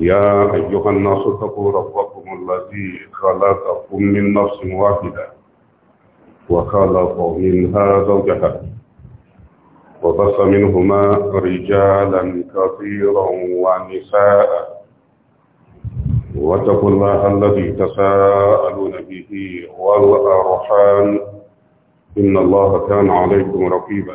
يا أيها الناس اتقوا ربكم الذي خلقكم من نفس واحدة وخلق منها زوجها وبص منهما رجالا كثيرا ونساء واتقوا الله الذي تساءلون به والأرحام إن الله كان عليكم رقيبا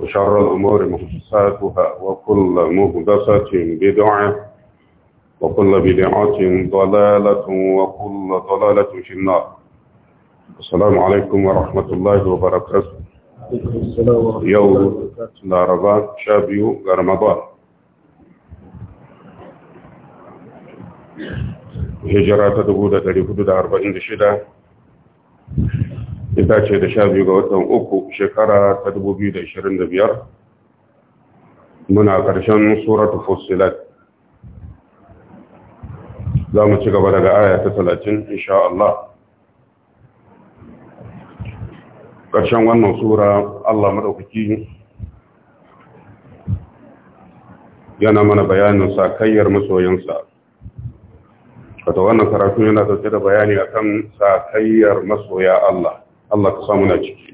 وشر الأمور محدثاتها وكل مهدسة بدعة وكل بدعة ضلالة وكل ضلالة في النار السلام عليكم ورحمة الله وبركاته يوم لاربان شابيو رمضان هجرات دبودة لحدود أربعين شدة ya dace da sha biyu ga watan uku shekara ta dubu biyu da ishirin da biyar muna ƙarshen suratu fusilat za mu ci gaba daga aya ta talatin insha Allah ƙarshen wannan sura Allah maɗaukaki yana mana bayanin sakayyar masoyinsa wata wannan karatu yana sauke da bayani akan sakayyar masoya Allah Allah ka samu na ciki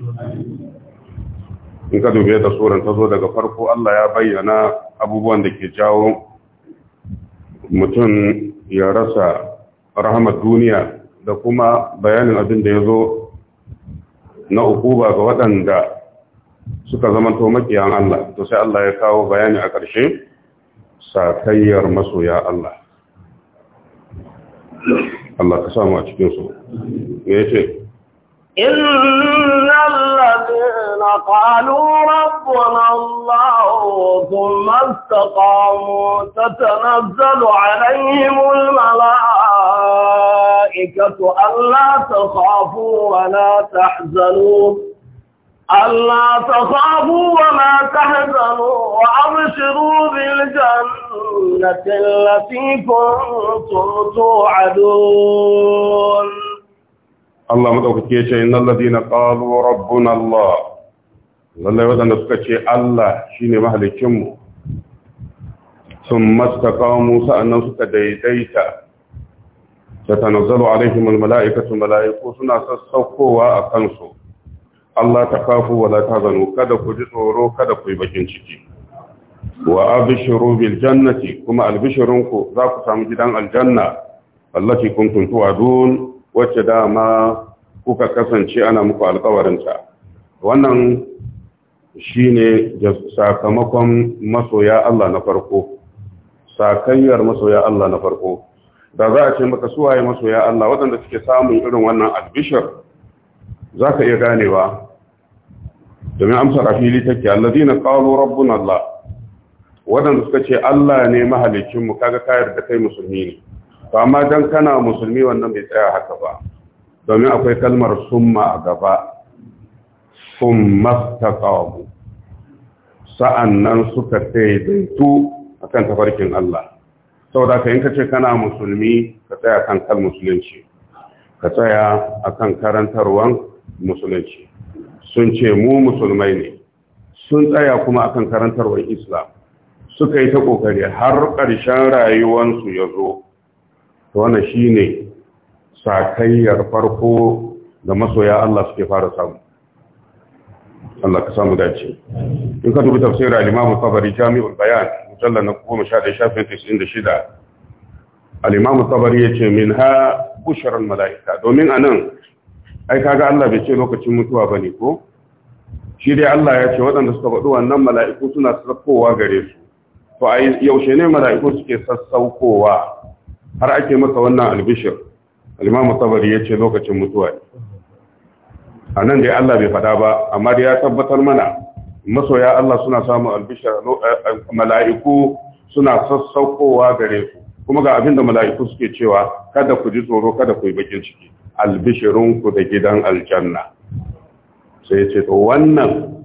in ka dubi da tsoron ta zo daga farko Allah ya bayyana abubuwan da ke jawo mutum ya rasa rahamar duniya da kuma bayanin abin da ya zo na ukuba ga waɗanda suka zamanto makiyan Allah to sai Allah ya kawo bayani a ƙarshe sakayyar masoya Allah Allah ka samu a cikinsu ya ce إن الذين قالوا ربنا الله ثم استقاموا تتنزل عليهم الملائكة ألا تخافوا ولا تحزنوا ألا تخافوا وما تحزنوا وأبشروا بالجنة التي كنتم توعدون Allah madaukake ya ce innal ladina qalu rabbuna Allah lallai waɗanda suka ce Allah shine mahalikin mu sun a nan suka daidaita tatanazzalu alaihim almala'ikatu mala'iku suna sassaukowa a kansu Allah takafu ta zanu kada ku ji tsoro kada ku yi bakin ciki wa abshiru bil jannati kuma albishirunku za ku samu gidan aljanna allati kuntum tu'adun wacce dama kuka kasance ana muku alkawarinta wannan shine sakamakon masoya Allah na farko sakayyar masoya Allah na farko da za a ce maka suwaye masoya Allah waɗanda suke samun irin wannan albishir za ka iya ganewa domin amsar a fili take allazina qalu rabbuna Allah waɗanda suka ce Allah ne mahalicinmu kaga kayar da kai musulmi ne to amma dan kana musulmi wannan bai tsaya haka ba domin akwai kalmar summa a gaba summa taqamu sa'annan suka daidaitu akan tafarkin Allah saboda ka in ka ce kana musulmi ka tsaya kan kal musulunci ka tsaya akan karantarwan musulunci sun ce mu musulmai ne sun tsaya kuma akan karantarwan islam suka yi ta kokari har ƙarshen rayuwansu ya zo to wannan shine sakayyar farko da masoya Allah suke fara samu Allah ka samu dace in ka dubi tafsirin al-Imam Tabari Jami'ul Bayan mujallal na 11 shafin 96 al-Imam Tabari yace ha bushran malaika domin anan ai kaga Allah bai ce lokacin mutuwa bane ko shi dai Allah ya ce waɗanda suka faɗi wannan mala'iku suna sassakowa gare su to a yaushe ne mala'iku suke sassaukowa har ake masa wannan albishir al-imam tabari yace lokacin mutuwa a nan dai Allah bai faɗa ba amma dai ya tabbatar mana masoya Allah suna samun albishir eh, eh, mala'iku suna sassaukowa gare su kuma ga abin da mala'iku suke cewa kada ku ji tsoro kada ku yi bakin ciki ku da gidan aljanna sai ya to wannan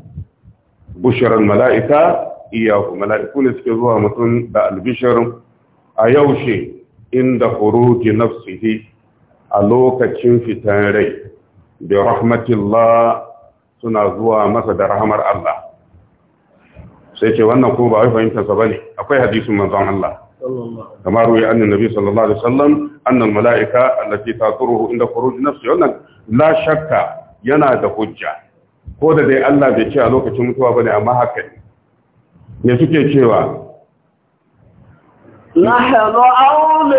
bushirar mala'ika iyaku mala'iku ne suke zuwa mutum da albishirin a yaushe inda khuruji nafsihi a lokacin fitan rai bi rahmatillah suna zuwa masa da rahmar Allah sai ce wannan kuma ba wai fahimtar sa bane akwai hadisin manzon Allah kamar ruwa annin nabi sallallahu alaihi wasallam annal malaika allati taquruhu inda khuruji nafsi wannan la shakka yana da hujja ko da dai Allah bai ce a lokacin mutuwa bane amma haka ne suke cewa نحن أولياؤكم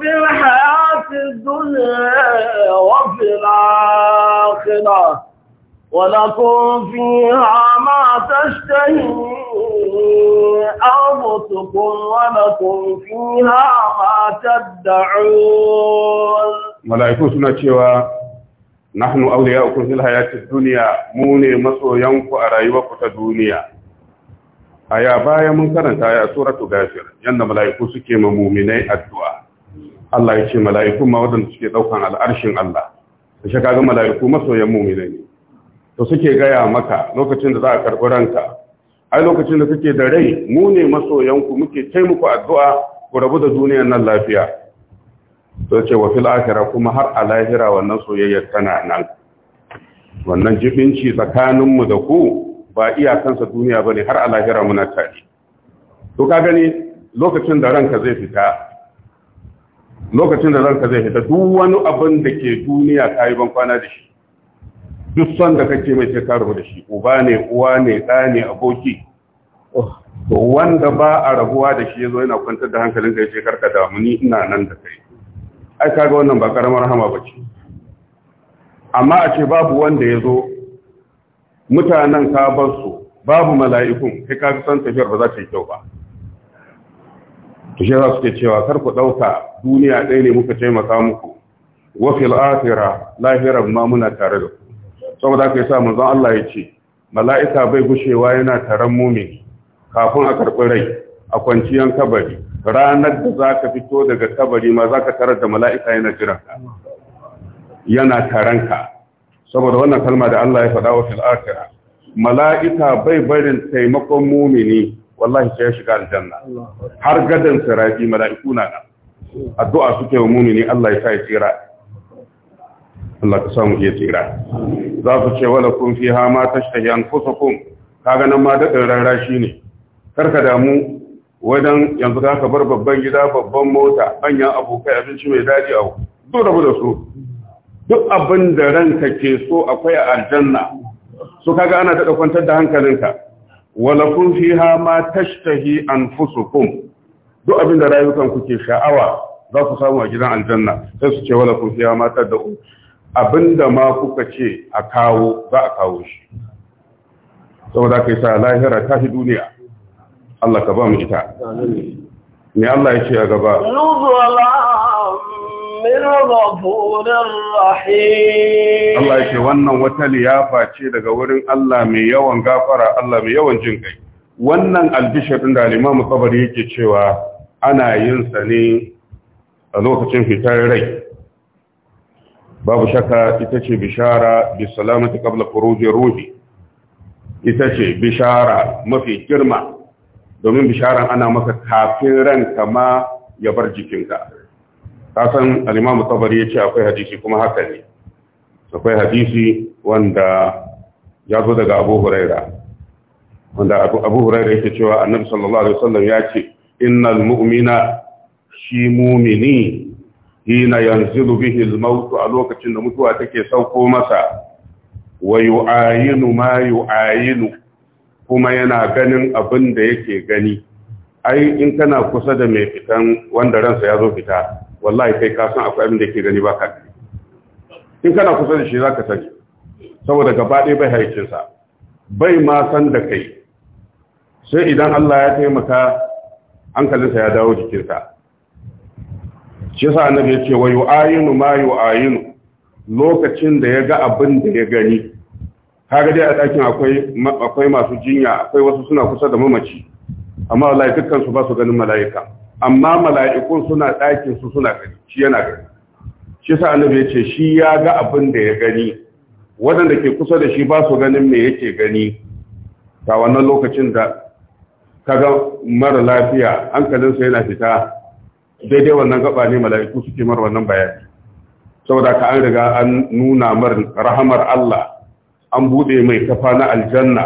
في الحياة الدنيا وفي الآخرة ولكم فيها ما تشتهي أرضكم ولكم فيها ما تدعون ملائكة شوى نحن أولياؤكم في الحياة الدنيا موني مصر ينكو أرايوكو الدنيا aya baya mun karanta ya suratu gafir yanda mala'iku suke ma mu'minai addu'a Allah ya ce mala'iku ma wadanda suke daukan al'arshin Allah da shi kaga mala'iku masoyan mu'minai ne to suke gaya maka lokacin da za a karɓi ranka ai lokacin da suke da rai mu ne masoyanku muke taimako addu'a ku rabu da duniyar nan lafiya to ce wa fil akhirah kuma har a lahira wannan soyayyar tana nan wannan jibinci tsakaninmu da ku ba iya kansa duniya bane har a lahira muna tare to ka gani lokacin da ranka zai fita lokacin da ranka zai fita duk wani abin da ke duniya kayi ban kwana da shi duk son da kake mai ce karu da shi uba ne uwa ne ɗa ne aboki oh, to wanda ba a rabuwa da shi yazo yana kwantar da hankalin ka yace karka da ina nan da kai ai kaga wannan ba karamar hama ce. amma a ce babu wanda yazo mutanen ka bar su babu mala'ikun kai ka san tafiyar ba za ta yi kyau ba to shi za cewa kar ku ɗauka duniya ɗaya ne muka taimaka muku wa fil akhira lahiran ma muna tare da ku saboda haka yasa manzon Allah ya ce mala'ika bai gushewa yana taron mumin kafin a karɓi rai a kwanciyar kabari ranar da za ka fito daga kabari ma za ka tarar da mala'ika yana jiranka yana taranka saboda wannan kalma da Allah ya faɗa wa fil mala'ika bai barin taimakon mumini wallahi sai ya shiga aljanna har gadan sarafi mala'iku na nan addu'a suke wa mumini Allah ya sa ya tsira Allah ka samu iya tsira za su ce wala kun fiha ma tashtahi anfusakum kaga nan ma daɗin rara shi ne karka damu wadan yanzu ka bar babban gida babban mota manyan abokai abinci mai daɗi a duk rabu da su duk abin da ranka ke so akwai a aljanna su kaga ana daɗa kwantar da hankalinka Wala walakun fiha ma tashtahi anfusukum duk abin da rayukanku ke sha'awa za ku samu a gidan aljanna sai su ce wala fi fiha ma tad'u abinda ma kuka ce a kawo za a kawo shi saboda kai sa lahira ta fi duniya Allah ka ba mu ita me Allah ya ce a gaba Allah غفور wannan wata liyafa ce daga wurin Allah mai yawan gafara Allah mai yawan jin kai wannan albishir din da Imam yake cewa ana yin sa ne a lokacin fitar rai babu shaka ita ce bishara bi salamati qabla ruhi ita ce bishara mafi girma domin bisharan ana maka kafin ranka ma ya bar jikinka kasan al Tabari tabari ce akwai hadisi kuma haka ne akwai hadisi wanda ya zo daga Abu Huraira wanda Abu Huraira yake cewa Annabi sallallahu alaihi wasallam ya ce innal mu'mina shi mu'mini hina yanzu bihi al a lokacin da mutuwa take sauko masa wa yu'ayinu ma yu'ayinu kuma yana ganin abin da yake gani ai in kana kusa da mai fitan wanda ransa ya zo fita wallahi kai ka san akwai abin da ke gani ba ka gani in kana kusa da shi za ka sani saboda gaba ɗaya bai haicinsa bai ma san da kai sai idan Allah ya taimaka hankalinsa ya dawo jikinsa shi sa annabi ya ce wa yu'ayinu ma yu'ayinu lokacin da ya ga abin da ya gani kaga dai a ɗakin akwai masu jinya akwai wasu suna kusa da mamaci amma wallahi dukkan su ba su ganin mala'ika amma mala'ikun suna ɗakin su suna gani shi yana gani shi sa annabi ya ce shi ya ga abin da ya gani waɗanda ke kusa da shi ba su ganin me yake gani ta wannan lokacin da ka ga mara lafiya hankalinsa yana fita daidai wannan gaba ne mala'iku suke mara wannan bayani saboda ka an riga an nuna mar rahamar Allah an bude mai kafa na aljanna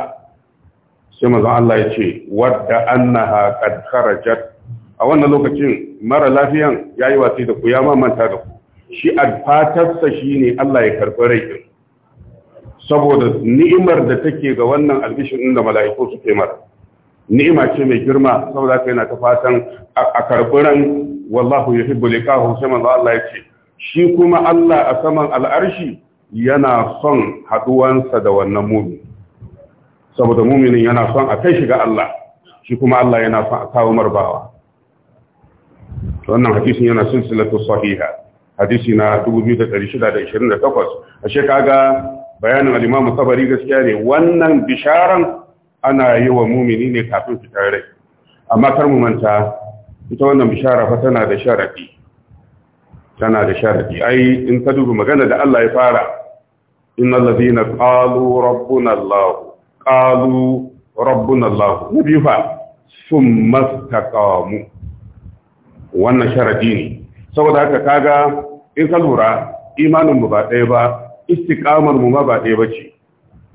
sai mazan Allah ya ce wadda annaha qad kharajat a wannan lokacin mara lafiyan ya yi watsi da ku ya mamanta da ku shi alfatarsa shi ne Allah ya karɓi rai saboda ni'imar da take ga wannan albishin, inda mala'iku su mara ni'ima ce mai girma saboda haka yana ta fatan a karɓi ran wallahu yuhibbu liqahu sai manzo Allah ya ce shi kuma Allah a saman al'arshi yana son haɗuwansa da wannan mumin saboda muminin yana son a kai shi ga Allah shi kuma Allah yana son a kawo marbawa wannan hadisin yana silsilatu sahiha hadisi na 2628 ashe kaga bayanin al-Imam Tabari gaskiya ne wannan bisharan ana yi wa mumini ne kafin fitar rai amma kar mu manta ita wannan bishara fa tana da sharadi tana da sharadi ai in ka dubi magana da Allah ya fara Inna ladhina qalu rabbuna Allah qalu rabbuna Allah nabi fa summa istaqamu wannan sharadi ne saboda haka kaga in ka lura imanin mu ba ɗaya ba istiqamar mu ma ba ɗaya ce.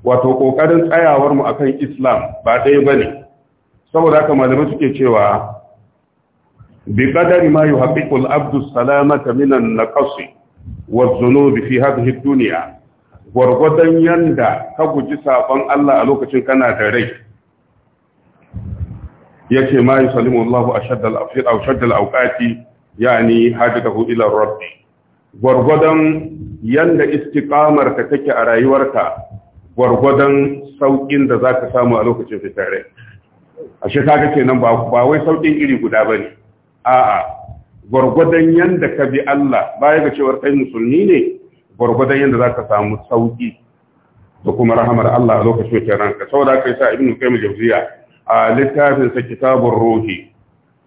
wato kokarin tsayawar mu akan islam ba ɗaya ne. saboda haka malamai suke cewa bi qadari ma yuhaqqiqu al-abdu salamata min an-naqsi wadh-dhunubi fi hadhihi ad-dunya gwargwadon yanda ka guji sabon Allah a lokacin kana da rai yace ma yusallimu Allahu ashadd al-afid aw shadd al-awqati yani hajatahu ila rabb gwargwadon yanda istiqamar ka take a rayuwarka gwargwadon saukin da zaka samu a lokacin fitare ashe kaga kenan ba ba wai saukin iri guda bane a'a gwargwadon yanda ka bi Allah baya ga cewar kai musulmi ne gwargwadon yanda zaka samu sauki da kuma rahamar Allah a lokacin fitare ka saboda kai sa ibnu qayyim jawziya a littafin sa kitabun ruhi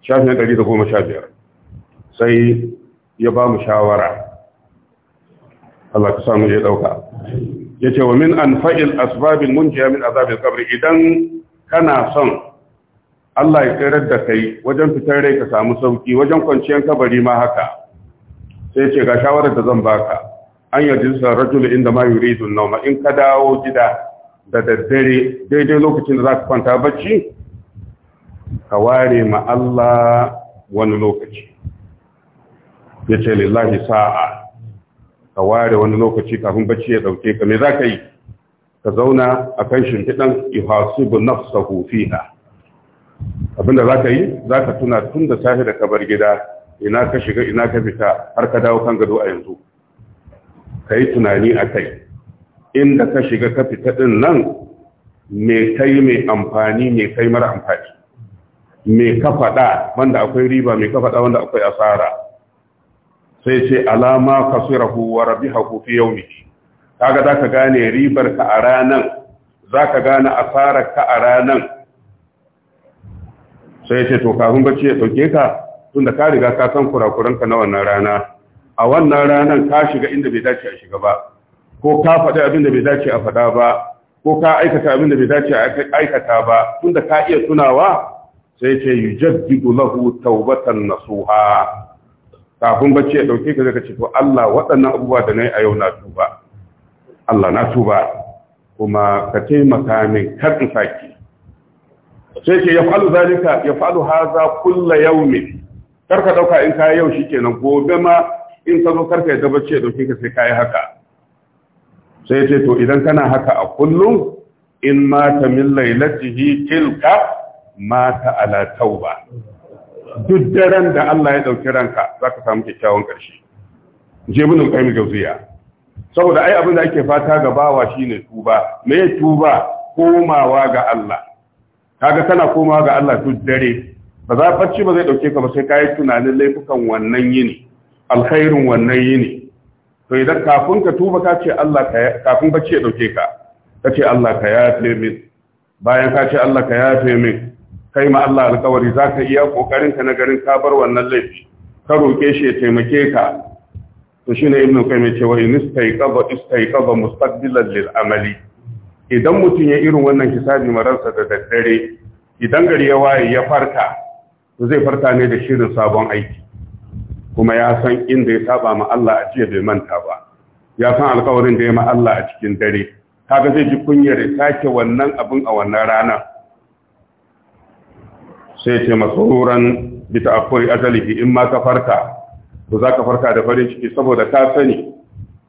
shafin biyar, sai ya ba mu shawara Allah ka samu ya ɗauka. Ya ce wa min anfa'il mun jiya min azabin kabri idan kana son Allah ya tsirar da kai wajen fitar rai ka samu sauki wajen kwanciyar kabari ma haka sai ce ga shawarar da zan baka an yi jinsa rajulu inda ma yuridu nauma in ka dawo gida da daddare daidai lokacin da za ka kwanta bacci ka ware ma Allah wani lokaci ya ce lillahi sa'a ka ware wani lokaci kafin bacci ya dauke ka me za ka yi ka zauna a kan shimfiɗan ihasubu nafsahu fiha abinda za ka yi za ka tuna tun da safe da kabar gida ina ka shiga ina ka fita har ka dawo kan gado a yanzu ka yi tunani a kai inda ka shiga ka fita din nan me kai mai amfani me kai mara amfani me ka faɗa wanda akwai riba me ka faɗa wanda akwai asara sai ce alama kasirahu wa rabihahu fi yawmihi kaga zaka gane ribar ka a ranan zaka gane asarar ka a ranan sai ce to kafin bacci ya dauke ka tunda ka riga ka san kurakuran ka na wannan rana a wannan ranan ka shiga inda bai dace a shiga ba ko ka faɗi abin da bai dace a faɗa ba ko ka aikata abin da bai dace a aikata ba tunda ka iya tunawa sai ce yujaddidu lahu tawbatan nasuha kafin bacci ya dauke ka zaka ce to Allah waɗannan abubuwa da nayi a yau na tuba Allah na tuba kuma ka taimaka min kar in saki sai ce yafalu zalika yafalu haza kullu yawmin karka dauka in ka yau shikenan gobe ma in ka zo karka ya bacci ya dauke ka sai kai haka sai ce to idan kana haka a kullum in mata min lailatihi tilka mata ala tauba duk daren da Allah ya dauki ranka zaka samu kyakkyawan karshe je mun kai gauziya saboda ai abin da ake fata ga bawa shine tuba me tuba komawa ga Allah kaga kana komawa ga Allah duk dare ba za ci ba zai dauke ka ba sai kai tunanin laifukan wannan yini alkhairin wannan yini to idan kafin ka tuba ka ce Allah ka kafin bacci ya dauke ka ka ce Allah ka yafe min bayan ka ce Allah ka yafe min kai ma Allah alƙawari za ka iya kokarin ka na garin ka bar wannan laifi ka roke shi ya taimake ka to shine ibnu qayyim ce wa in istayqaba istayqaba mustaqbilan lil amali idan mutun ya irin wannan hisabi maransa da daddare idan gari ya waye ya farka to zai farka ne da shirin sabon aiki kuma ya san inda ya saba ma Allah a jiya bai manta ba ya san alƙawarin da ya ma Allah a cikin dare kaga zai ji kunyar ya sake wannan abin a wannan rana sai ce masururan bi ta'akkuri azalihi in ma ka farka to za ka farka da farin ciki saboda ka sani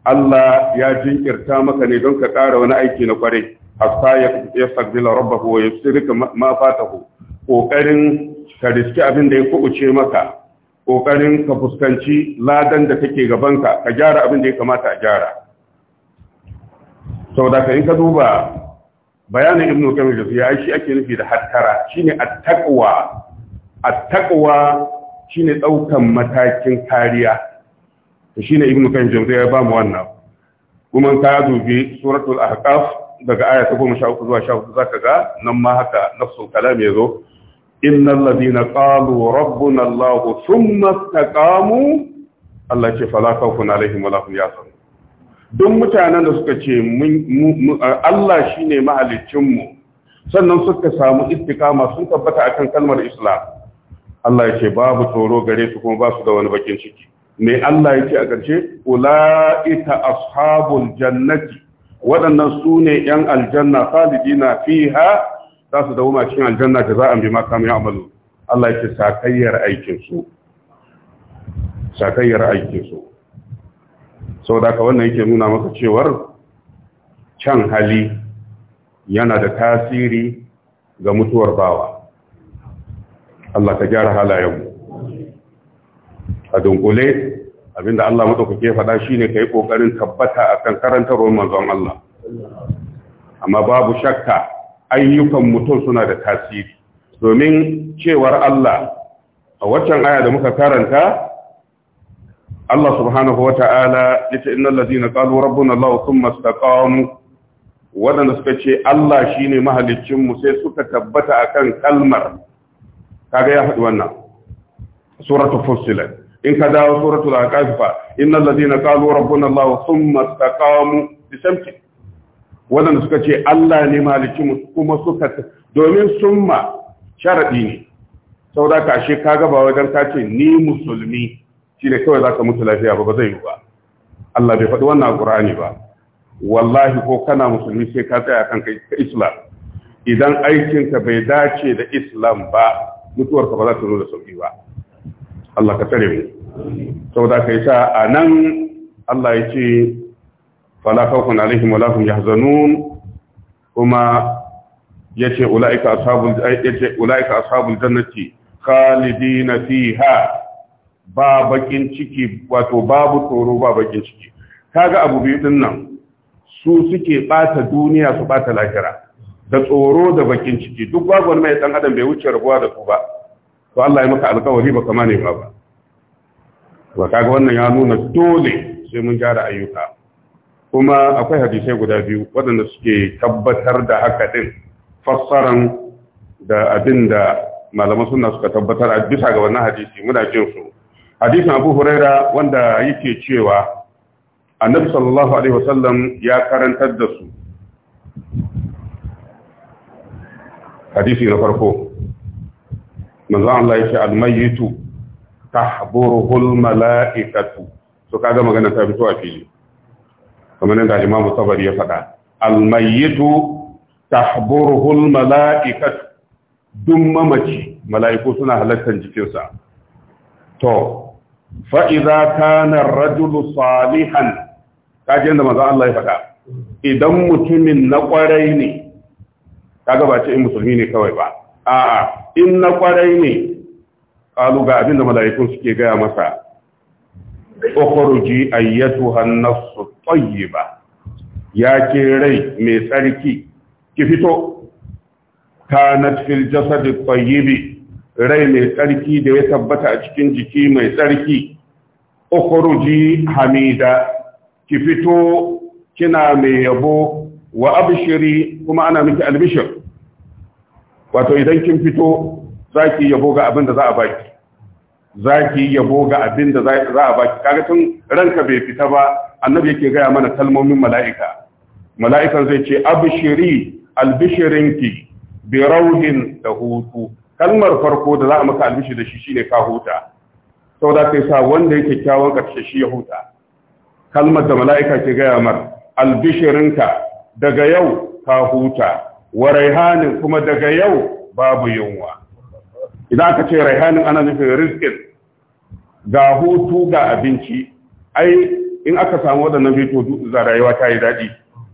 Allah ya jinkirta maka ne don ka ƙara wani aiki na kwarai hasa ya sabila rabbahu wa yusirka ma fatahu kokarin ka riski abin da ya kubuce maka ƙoƙarin ka fuskanci ladan da take gabanka ka gyara abin da ya kamata a gyara sau da ka yi ka duba bayanin ibn kamil da ya shi ake nufi da hattara shine attaqwa attaqwa shine daukan matakin kariya to shine ibn kamil da ya bamu wannan kuma ka dubi suratul ahqaf daga aya ta 13 zuwa 14 zaka ga nan ma haka nafsul kalam zo? innal ladina qalu rabbuna allah thumma istaqamu Allah ce fala khawfun alaihim wala ya yahzanun Don mutanen da suka ce Allah shine mahaliccin mu sannan suka samu istiqama sun tabbata a kan kalmar islam Allah ya ce babu tsoro gare su kuma ba su da wani bakin ciki mai Allah ya ce a ƙarshe ula'ika ashabul jannati waɗannan su ne ‘yan aljanna na fiha za su dawo cikin aljanna da za a bi maka mai amalu Allah yake sakayyar aikin su sakayyar aikin sau da ka wannan yake nuna maka cewar can hali yana da tasiri ga mutuwar bawa Allah ka gyara halayenmu a dunkule abinda Allah maɗaukake faɗa shi ne ka yi ƙoƙarin tabbata akan kan karantarwar manzon Allah amma babu shakka ayyukan mutum suna da tasiri domin cewar Allah a waccan aya da muka karanta Allah subhanahu wata'ala yace innal ladina qalu rabbuna Allah thumma istaqamu wadanda suka ce Allah shine mahaliccin mu sai suka tabbata akan kalmar kaga ya faɗi wannan suratul fussilat in ka dawo suratul aqaf fa innal ladina qalu rabbuna Allah thumma istaqamu bisamti waɗanda suka ce Allah ne malikin kuma suka domin summa sharaɗi ne sau da ka ashe ka gaba wajen ka ce ni musulmi shi ne kawai za ka mutu lafiya ba ba zai yi ba Allah bai faɗi wannan ƙur'ani ba wallahi ko kana musulmi sai ka tsaya kan ka islam idan aikinka bai dace da islam ba mutuwar ka ba za ta zo da sauƙi ba Allah ka tare mu sau da ka yi sa a nan Allah ya ce fala khawfun alaihim wala yahzanun kuma yace ulaika ashabul yace ulaika ashabul jannati khalidina fiha ba bakin ciki wato babu tsoro ba bakin ciki kaga abu biyu din nan su suke bata duniya su bata lahira da tsoro da bakin ciki duk babu mai dan adam bai wuce rabuwa da su ba to Allah ya maka alƙawari ba kama ne ba ba kaga wannan ya nuna dole sai mun gyara ayyuka kuma akwai hadisai guda biyu waɗanda suke tabbatar da haka ɗin fassaran da abin da malaman suna suka tabbatar a bisa ga wannan hadisi muna jin su hadisin abu huraira wanda yake cewa annabi sallallahu alaihi wasallam ya karantar da su hadisi na farko manzo Allah ya ce almayitu tahburuhul mala'ikatu to kaga magana ta fito a fili kamar yadda imamu tabari ya faɗa almayyitu tahburuhul mala'ikat Dun mamaci mala'iku suna halattar jikinsa to fa'iza na rajulu salihan kaji yadda maza Allah ya faɗa idan mutumin na ƙwarai ne kaga ba ce in musulmi ne kawai ba a'a in na ƙwarai ne ƙalu ga abin da mala'ikun suke gaya masa ƙwaruji ayyatu hannasu tsayyiba ya ke rai mai tsarki ki fito ta na fil jasadi tsayyibi rai mai tsarki da ya tabbata a cikin jiki mai tsarki ukhruji hamida ki fito kina mai yabo wa abshiri kuma ana miki albishir wato idan kin fito zaki yabo ga abin da za a baki Zaki ki yi yabo ga abin da za a baki kaga tun ranka bai fita ba annabi yake gaya mana kalmomin mala'ika mala'ikan zai ce abshiri albishirinki bi rauhin da hutu kalmar farko da za a maka albishi da shi shine ka huta saboda kai sa wanda yake kyawun karshe shi ya huta kalmar da mala'ika ke gaya mar albishirinka daga yau ka huta wa kuma daga yau babu yunwa idan aka ce raihanin ana nufin rizkin ga hutu ga abinci ai in aka samu waɗannan biyu za rayuwa ta yi daɗi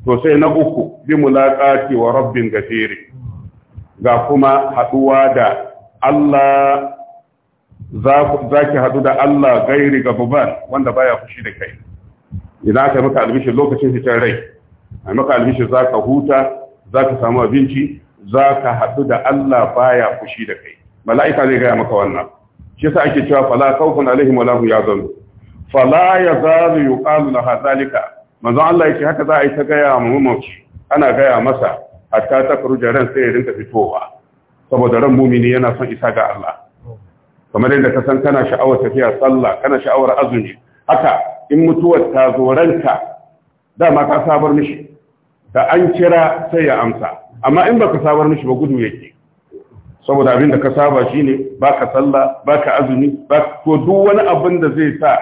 to sai na uku bi mulaƙati wa rabbin gafiri ga kuma haɗuwa da Allah za ki haɗu da Allah gairi buban wanda baya fushi da kai idan aka maka albishin lokacin fitar rai a maka albishir za ka huta za ka samu abinci za ka haɗu da Allah baya fushi da kai mala'ika zai gaya maka wannan shi yasa ake cewa fala khawfun alaihim wala hum yahzanun fala yazalu yuqalu laha zalika manzon Allah yake haka za a yi ta gaya mu mamaci ana gaya masa hatta ta furuja ran sai ya rinka fitowa saboda ran mumini yana son isa ga Allah kamar yadda ka san kana sha'awar tafiya sallah kana sha'awar azumi haka in mutuwar ta zo ranka dama ka sabar mishi da an kira sai ya amsa amma in baka sabar mishi ba gudu yake saboda abin da ka saba shine baka sallah ka azumi ba ko duk wani abin da zai sa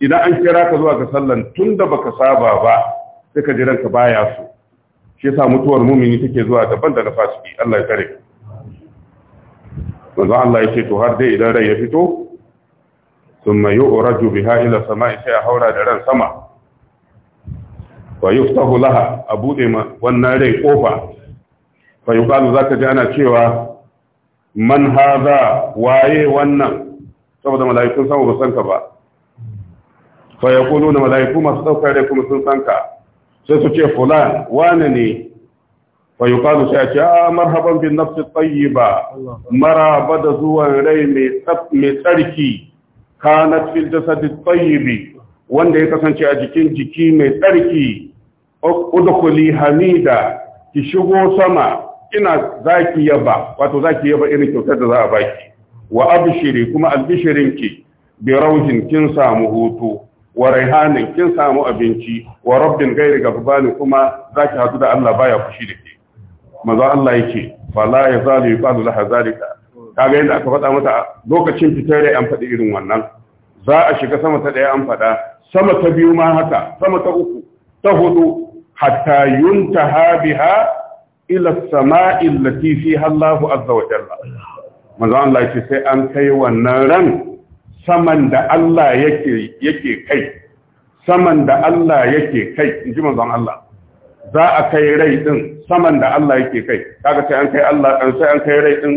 idan an kira ka zuwa ga sallan tunda baka saba ba sai ka ji ranka baya su. shi yasa mutuwar mumini take zuwa daban da na fasiki Allah ya kare manzo Allah ya ce to har dai idan rai ya fito thumma raju biha ila sama'i sai a haura da ran sama wa yuftahu laha abude ma wannan rai kofa fa za zaka ji ana cewa man haza waye wannan saboda mala'ikun sama ba san ka ba fa yaqulu na mala'iku masu dauka da kuma sun san ka sai su ce fulan wane ne fa yuqalu sai ce a ah, marhaban bin nafsi tayyiba maraba da zuwan rai mai tsarki kanat fil jasad tayyibi wanda ya kasance a jikin jiki mai tsarki udkhuli hamida ki shigo sama ina zaki yaba wato zaki yaba irin kyautar da za a baki wa abshiri kuma albishirinki bi rauhin kin samu hutu wa raihanin kin samu abinci wa rabbin gairi bani kuma zaki hadu da Allah baya fushi da ke manzo Allah yake fala yazalu yuqalu laha zalika kaga yadda aka faɗa mata lokacin fitar da an faɗi irin wannan za a shiga sama ta ɗaya an faɗa sama ta biyu ma haka sama ta uku ta hudu hatta yuntaha biha ila sama'i allati fiha Allah azza wa jalla manzo Allah ce sai an kai wannan ran saman da Allah yake yake kai saman da Allah yake kai inji manzo Allah za a kai rai din saman da Allah yake kai kaga sai an kai Allah dan sai an kai rai din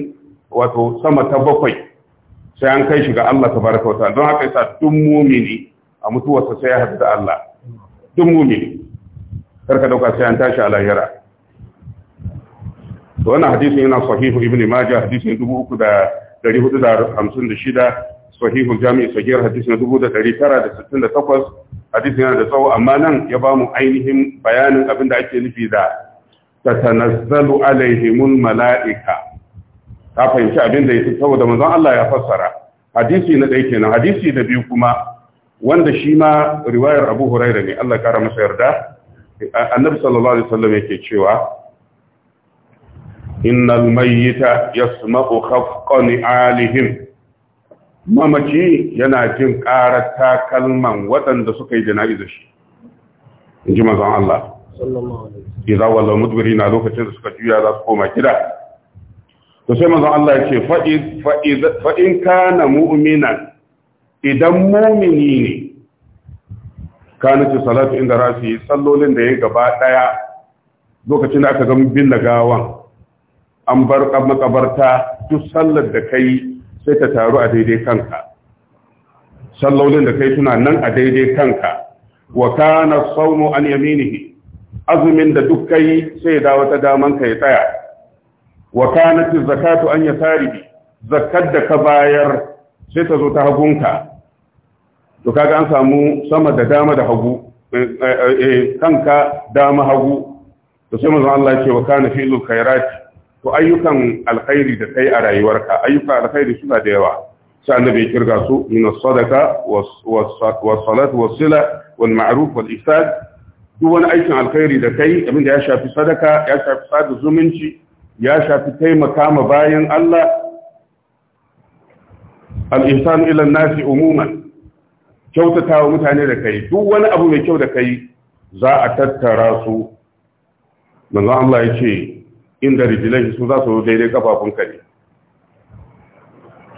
wato sama ta bakwai sai an kai shi ga Allah tabaraka wa ta'ala don haka yasa duk mumini a mutuwarsa sai ya haɗu da Allah duk mumini karka dauka sai an tashi a lahira wannan hadisin yana sahihu ibn majah hadisin 3456 sahihu jami'i sahihar hadisin 1968 hadisin yana da tsawo amma nan ya ba mu ainihin bayanin abin da ake nufi da tatanazzalu alaihimul mala'ika ta fahimci abin da yake saboda manzon Allah ya fassara hadisi na ɗaya kenan hadisi da biyu kuma wanda shi ma riwayar Abu Hurairah ne Allah ya kara masa yarda annabi sallallahu alaihi wasallam yake cewa innal mayyita yasma'u khafqan alihim mamaci yana jin ƙarar takalman waɗanda suka yi jana'iza shi in ji mazan Allah iza wallo mudbiri na lokacin da suka juya za su koma gida to sai mazan Allah ya ce fa'in kana mu'minan idan mumini ne kana ce salatu inda yi tsallolin da ya gaba ɗaya lokacin da aka gama bin da gawan an bar makabarta duk sallar da kai sai ta taru a daidai kanka sallolin da kai suna nan a daidai kanka wa kana sawmu an yaminihi azumin da duk kai sai da wata daman ka ya tsaya wa kanat zakatu an yasarihi zakat da ka bayar sai ta zo ta hagunka to kaga an samu sama da dama da hagu eh, eh, eh, kanka dama hagu to sai manzon Allah ya ce wa kana fi'lul khairati to ayyukan alkhairi da kai a rayuwarka ayyukan alkhairi suna da yawa sai annabi kirga su min sadaka sadaqa was-salat was-sila wal-ma'ruf wal-ihsan duk wani aikin alkhairi da kai abin da ya shafi sadaka ya shafi sada zumunci ya shafi taimaka ma bayan Allah al-ihsan ila an-nasi umuman kyautatawa mutane da kai duk wani abu mai kyau da kai za a tattara su manzo Allah ya ce inda rijilai su za su daidai kafafunka ne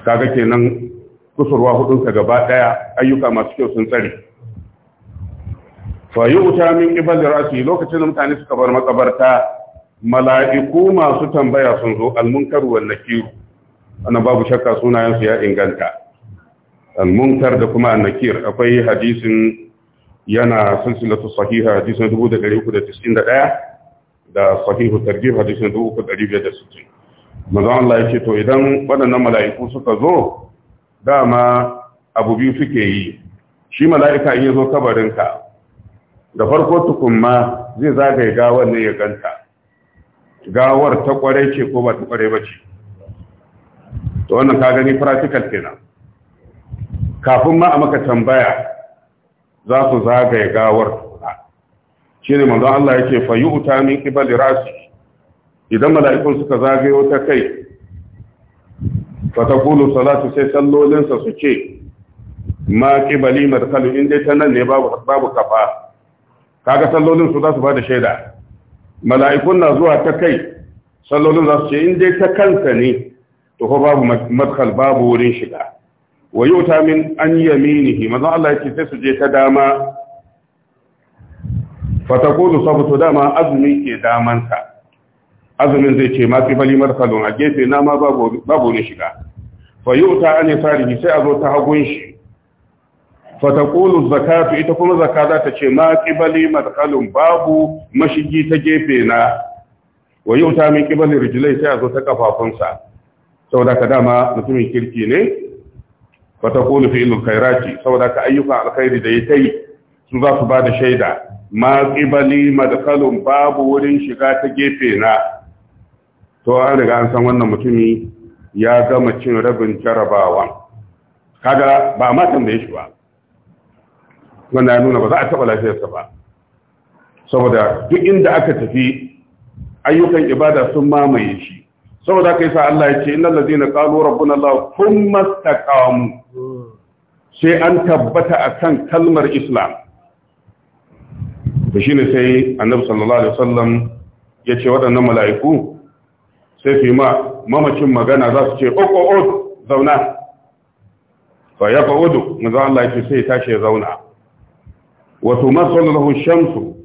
kaga kenan kusurwa hudunka gaba daya ayyuka masu kyau sun tsare fa wuta min ibal rasi lokacin da mutane suka bar makabarta mala'iku masu tambaya sun zo almunkar wal nakir ana babu shakka sunayen su ya inganta almunkar da kuma nakir akwai hadisin yana silsilatu sahiha hadisin 1391 da sahihu tarjib hadisin sittin. manzo Allah yake to idan waɗannan mala'iku suka zo dama abu biyu suke yi shi mala'ika in yazo kabarinka da farko tukunma zai zagaye gawar ne ya ganta gawar ta kware ce ko ba ta kware ba ce to wannan ka gani practical kenan kafin ma a maka tambaya za su zagaye gawar ne manzo Allah yake fa yu'ta min ibali rasu. idan mala'ikun suka zagayo ta kai fa kulu salatu sai sallolin sa suke ma qibali madkhalu in dai ta nan ne babu babu kafa kaga sallolin su za su bada shaida mala'ikun na zuwa ta kai sallolin za su ce in dai ta kanta ne to ko babu madkhal babu wurin shiga wa yu'ta min an yaminihi manzo Allah yake sai su je ta dama sabu sabutu dama azumi ke damansa azumin zai ce masu bali marsalon a gefe na ma babu ne shiga fa yi wuta an sai a zo ta hagun shi fatakulu zakatu ita kuma zaka za ta ce masu bali marsalon babu mashigi ta gefe na wa yi wuta min kibali rijilai sai a zo ta kafafunsa saboda ka dama mutumin kirki ne fatakulu fi ilu kairati saboda ka ayyukan alkhairi da ya kai su za su ba da shaida ma qibali madkalun babu wurin shiga ta gefe na to an riga an san wannan mutumi ya gama cin rabin jarabawan kaga ba ma ya shi ba wannan ya nuna ba za a taba lafiyarsa ba saboda duk inda aka tafi ayyukan ibada sun mamaye shi saboda kai sa Allah ya ce innal ladina qalu rabbuna Allah thumma istaqamu hmm. sai an tabbata akan kalmar Islam da shi ne sai annabi sallallahu alaihi wasallam ya ce waɗannan mala'iku sai su ma mamacin magana za su ce ƙoƙo'od oh, oh, oh, zauna fa ya fa'udu maza Allah ya ce sai tashi ya zauna wato matsalar shamsu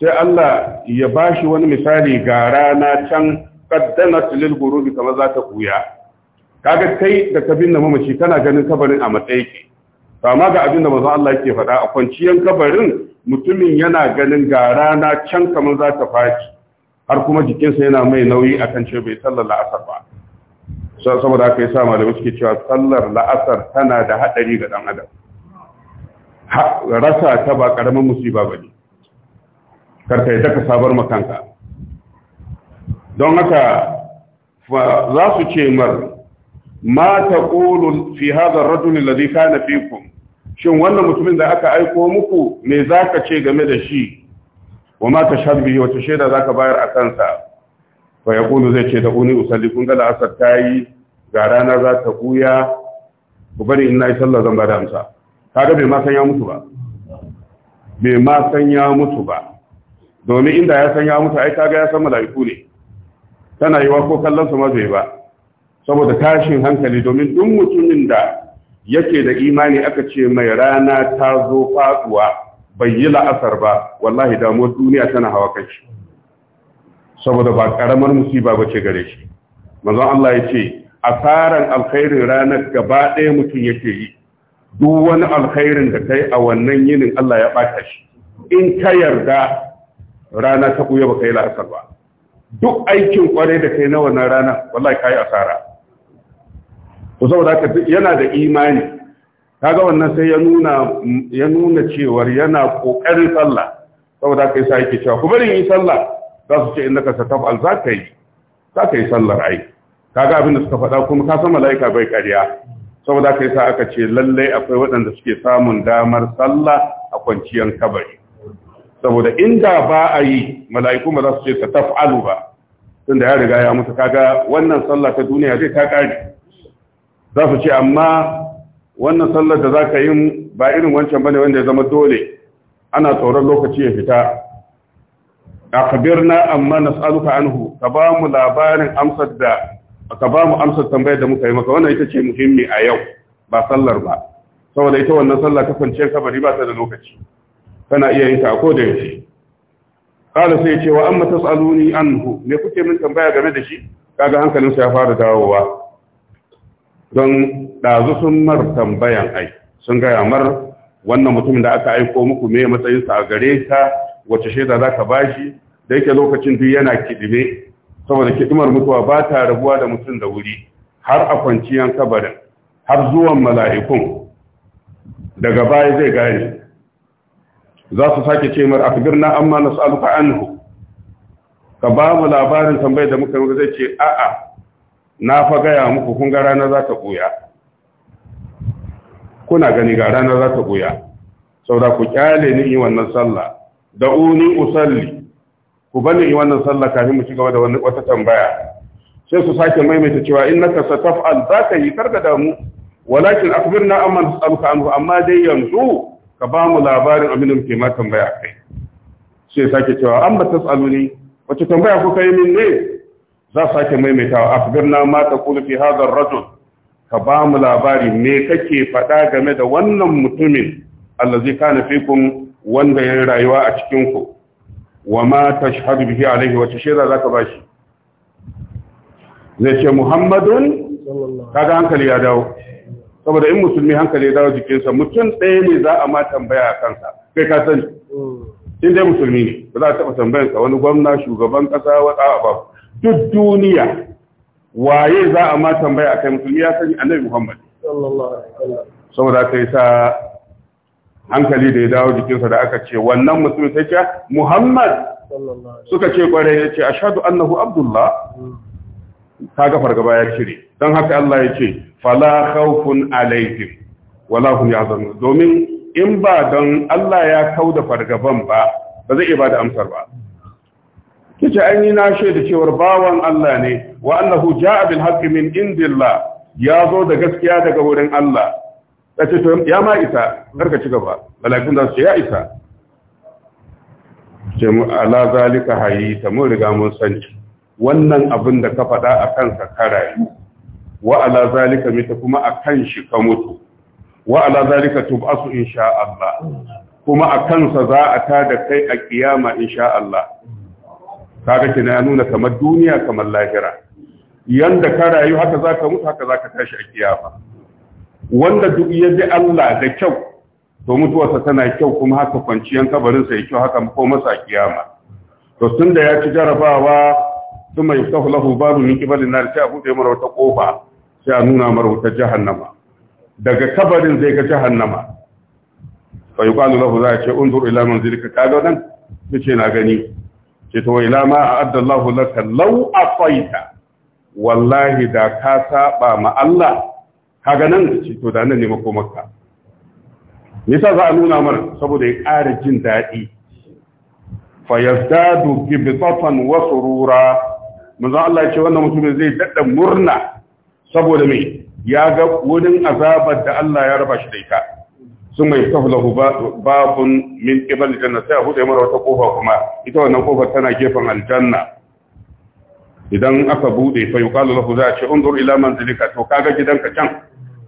sai Allah ya bashi wani misali ga rana can ƙaddanar tilil gurubi kamar za ta kuya kaga kai da kabin da mamaci kana ganin kabarin a matsayi ke amma ga abin da maza Allah ke faɗa a kwanciyar kabarin mutumin yana ganin ga rana can kamar za ta faci har kuma jikinsa yana mai nauyi akan ce bai sallar la'asar ba saboda aka yi sa malamai suke cewa sallar la'asar tana da haɗari ga ɗan adam rasa ta ba ƙaramin musiba ba ne karka yi daga sabar makanka don haka za su ce mar ma ta fi hazar rajulun da zai fikun shin wannan mutumin da aka aiko muku me zaka ce game da shi wa ma tashhadu bihi wa tashhadu zaka bayar a kansa fa yaqulu zai ce da uni usalli kun ga la'asar tayi ga rana za ta buya ku bari in nayi sallah zan bada amsa kaga bai ma san mutu ba bai ma sanya mutu ba domin inda ya san mutu ai kaga ya san mala'iku ne tana yiwa ko kallon su ma bai ba saboda tashin hankali domin duk mutumin da yake da imani aka ce mai rana ta zo faduwa bai yi la'asar ba wallahi damuwar duniya tana hawa kan shi saboda ba karamar musiba ba ce gare shi manzo Allah ya ce asaran alkhairin ranar gaba ɗaya mutum yake yi duk wani alkhairin da kai a wannan yinin Allah ya ɓata shi in ka yarda rana ta kuya ba kai la'asar ba duk aikin kwarai da kai na wannan rana wallahi kai asara saboda haka yana da imani kaga wannan sai ya nuna ya nuna cewar yana kokarin sallah saboda haka yasa yake cewa ku bari yi sallah za su ce innaka satafal za ka yi za ka yi sallar ai kaga abin da suka faɗa kuma ka san mala'ika bai ƙarya saboda haka yasa aka ce lalle akwai waɗanda suke samun damar sallah a kwanciyar kabari saboda inda ba a yi mala'iku ba za su ce sataf'alu ba tunda ya riga ya mutu kaga wannan sallah ta duniya zai ta ƙare za su ce amma wannan sallar da za ka yi ba irin wancan bane wanda ya zama dole ana tsoron lokaci ya fita A na amma na nas'aluka anhu ka ba mu labarin amsar da ka ba mu amsar tambayar da muka yi maka wannan ita ce muhimmi a yau ba sallar ba saboda ita wannan sallar ta kwanciyar kabari ba ta da lokaci kana iya yin ta a koda yaushe kala sai ce wa amma tas'aluni anhu me kuke min tambaya game da shi kaga hankalinsa ya fara dawowa don ɗazu sun mar tambayan ai sun gaya mar wannan mutumin da aka aiko muku me matsayinsa a gare ka wace shaida za ka ba shi da yake lokacin duk yana kiɗime saboda kiɗimar mutuwa ba ta rabuwa da mutum da wuri har a kwanciyan kabarin har zuwan mala'ikun daga baya zai gane za su sake ce mar akbirna amma nas'aluka anhu ka ba mu labarin tambayar da muka yi zai ce a'a na fa gaya muku kun ga rana za ta ɓuya kuna gani ga rana za ta ɓuya saboda ku kyale ni yi wannan sallah da uni usalli ku bani yi wannan sallah kafin mu ci gaba da wata tambaya sai su sake maimaita cewa innaka sataf'al za ka yi da damu walakin akhbirna amma nas'aluka anhu amma dai yanzu ka ba mu labarin abin da muke ma tambaya kai sai sake cewa an ba tas'aluni wace tambaya kuka yi min ne za su sake maimaitawa afgirna ma ta kula fi hadar rajul ka ba mu labari me kake faɗa game da wannan mutumin Allah zai kana fikum wanda ya rayuwa a cikinku wa ma tashhadu bihi alaihi wa ka ba shi? zai ce muhammadun kaga hankali ya dawo saboda in musulmi hankali ya dawo jikinsa mutum ɗaya ne za a ma tambaya a kansa kai ka sani mm. in dai musulmi ne ba za a taɓa tambayansa wani gwamna shugaban ƙasa wata a babu duk duniya waye za a ma tambaya akai musulmi ya sani annabi Muhammad saboda kai sa hankali da ya dawo jikinsa da aka ce wannan musulmi sai ce Muhammad suka ce kware ya ce annahu abdullah kaga fargaba ya cire don haka Allah ya ce fala khawfun alaihim wala hum yahzanun domin in ba don Allah ya kauda fargaban ba ba zai iya bada amsar ba kace an yi na shaida cewar bawan Allah ne wa annahu ja'a bil haqqi min indillah ya zo da gaskiya daga wurin Allah kace to ya ma isa barka ci gaba malaikun da su ya isa ce mu ala zalika hayi ta mu riga mun san wannan abin da ka faɗa a kansa ka rayu wa ala zalika mita kuma a kan shi ka mutu wa ala zalika tub'asu insha Allah kuma a kansa za a tada kai a kiyama insha Allah kaga kina ya nuna kamar duniya kamar lahira yanda ka rayu haka zaka mutu haka zaka tashi a kiyama wanda duk ya ji Allah da kyau to mutuwarsa tana kyau kuma haka kwanciyan kabarinsa ya kyau haka ko masa a kiyama to tun da ya ci jarabawa mai tafi lahu babu min kibalin النار sai a bude mara wata kofa sai a nuna mara wata jahannama daga kabarin zai ga jahannama fa yuqalu lahu za a ce unzur ila manzilika kaga nan yace na gani ita wa ila ma a'adda Allahu laka law afaita wallahi da ka saba ma Allah kaga nan ci to da nan ne makomarka nisa za a nuna mar saboda ya ƙara jin daɗi fa yazdadu gibtatan wa surura manzo Allah ya ce wannan mutumin zai dadda murna saboda me ya ga wurin azabar da Allah ya raba shi da ita sun mai taflahu babun min ƙibar aljanna sai a buɗe mara wata ƙofa kuma ita wannan kofa tana gefen aljanna idan aka buɗe fa yi lahu za a ce zuru ilaman manzilika to kaga gidanka can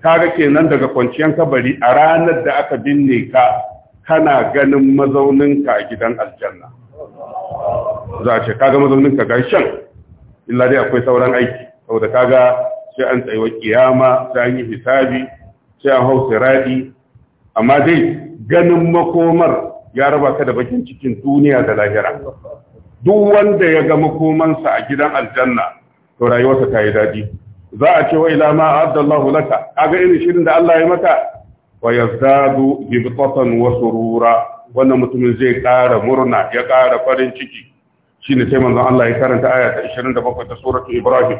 kaga nan daga kwanciyar kabari a ranar da aka binne ka kana ganin mazauninka a gidan aljanna za a ce kaga mazauninka ga shan illa dai akwai sauran aiki saboda kaga sai an tsayuwa kiyama sai an yi hisabi sai an hau siradi amma dai ganin makomar ya raba ka da bakin cikin duniya da lahira duk wanda ya ga makomansa a gidan aljanna to rayuwarsa ta yi daɗi za a ce wa ila ma addallahu laka kaga irin shirin da Allah ya maka wa yazdadu gibtatan wa surura wannan mutumin zai ƙara murna ya ƙara farin ciki shine sai manzon Allah ya karanta aya ta 27 ta suratul Ibrahim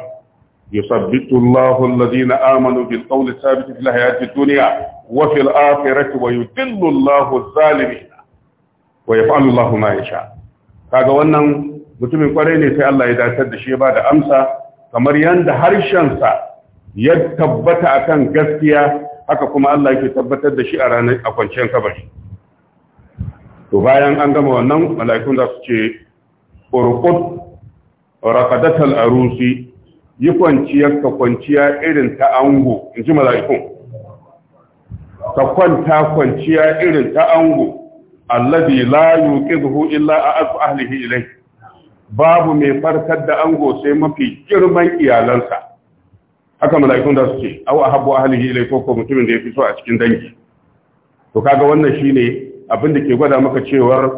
يثبت الله الذين آمنوا بالقول الثابت في الحياة الدنيا وفي الآخرة ويذل الله الظالمين ويفعل الله ما يشاء kaga wannan mutumin kwarai ne sai Allah ya dace da shi ba da amsa kamar yanda harshensa ya tabbata akan gaskiya haka kuma Allah yake tabbatar da shi a ranar a kwanciyar kabari to bayan an gama wannan mala'ikun za su ce urqud raqadatal arusi yi kwanciyar ka kwanciya irin ta ango in ji mala'ikun ka kwanta kwanciya irin ta ango allabi la zuhu illa a a'azu ahlihi ilai babu mai farkar da ango sai mafi girman iyalansa haka mala'ikun da suke awa habu ahlihi ilai ko ko mutumin da ya fi so a cikin dangi to kaga wannan shine abin da ke gwada maka cewar